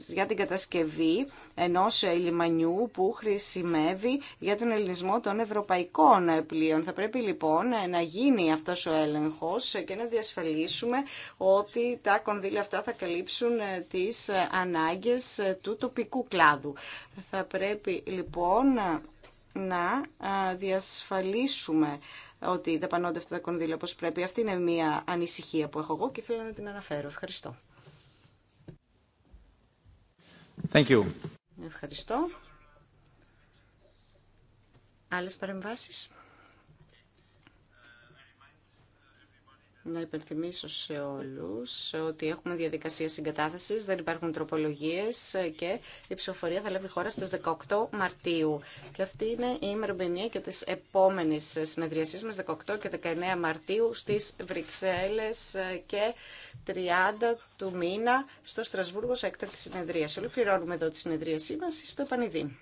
για την κατασκευή ενός λιμανιού που χρησιμεύει για τον ελληνισμό των ευρωπαϊκών πλοίων. Θα πρέπει λοιπόν να γίνει αυτός ο έλεγχος και να διασφαλίσουμε ότι τα κονδύλια αυτά θα καλύψουν τις ανάγκες του τοπικού κλάδου. Θα πρέπει λοιπόν να διασφαλίσουμε ότι δαπανώνται αυτά τα κονδύλια όπως πρέπει. Αυτή είναι μια ανησυχία που έχω εγώ και θέλω να την αναφέρω. Ευχαριστώ. Thank you. Ευχαριστώ. Άλλες παρεμβάσεις. να υπενθυμίσω σε όλους ότι έχουμε διαδικασία συγκατάθεσης, δεν υπάρχουν τροπολογίες και η ψηφοφορία θα λάβει χώρα στις 18 Μαρτίου. Και αυτή είναι η ημερομηνία και της επόμενης συνεδριασής μας 18 και 19 Μαρτίου στις Βρυξέλλες και 30 του μήνα στο Στρασβούργο σε έκτακτη συνεδρίαση. Ολοκληρώνουμε εδώ τη συνεδρίασή μας στο Επανειδή.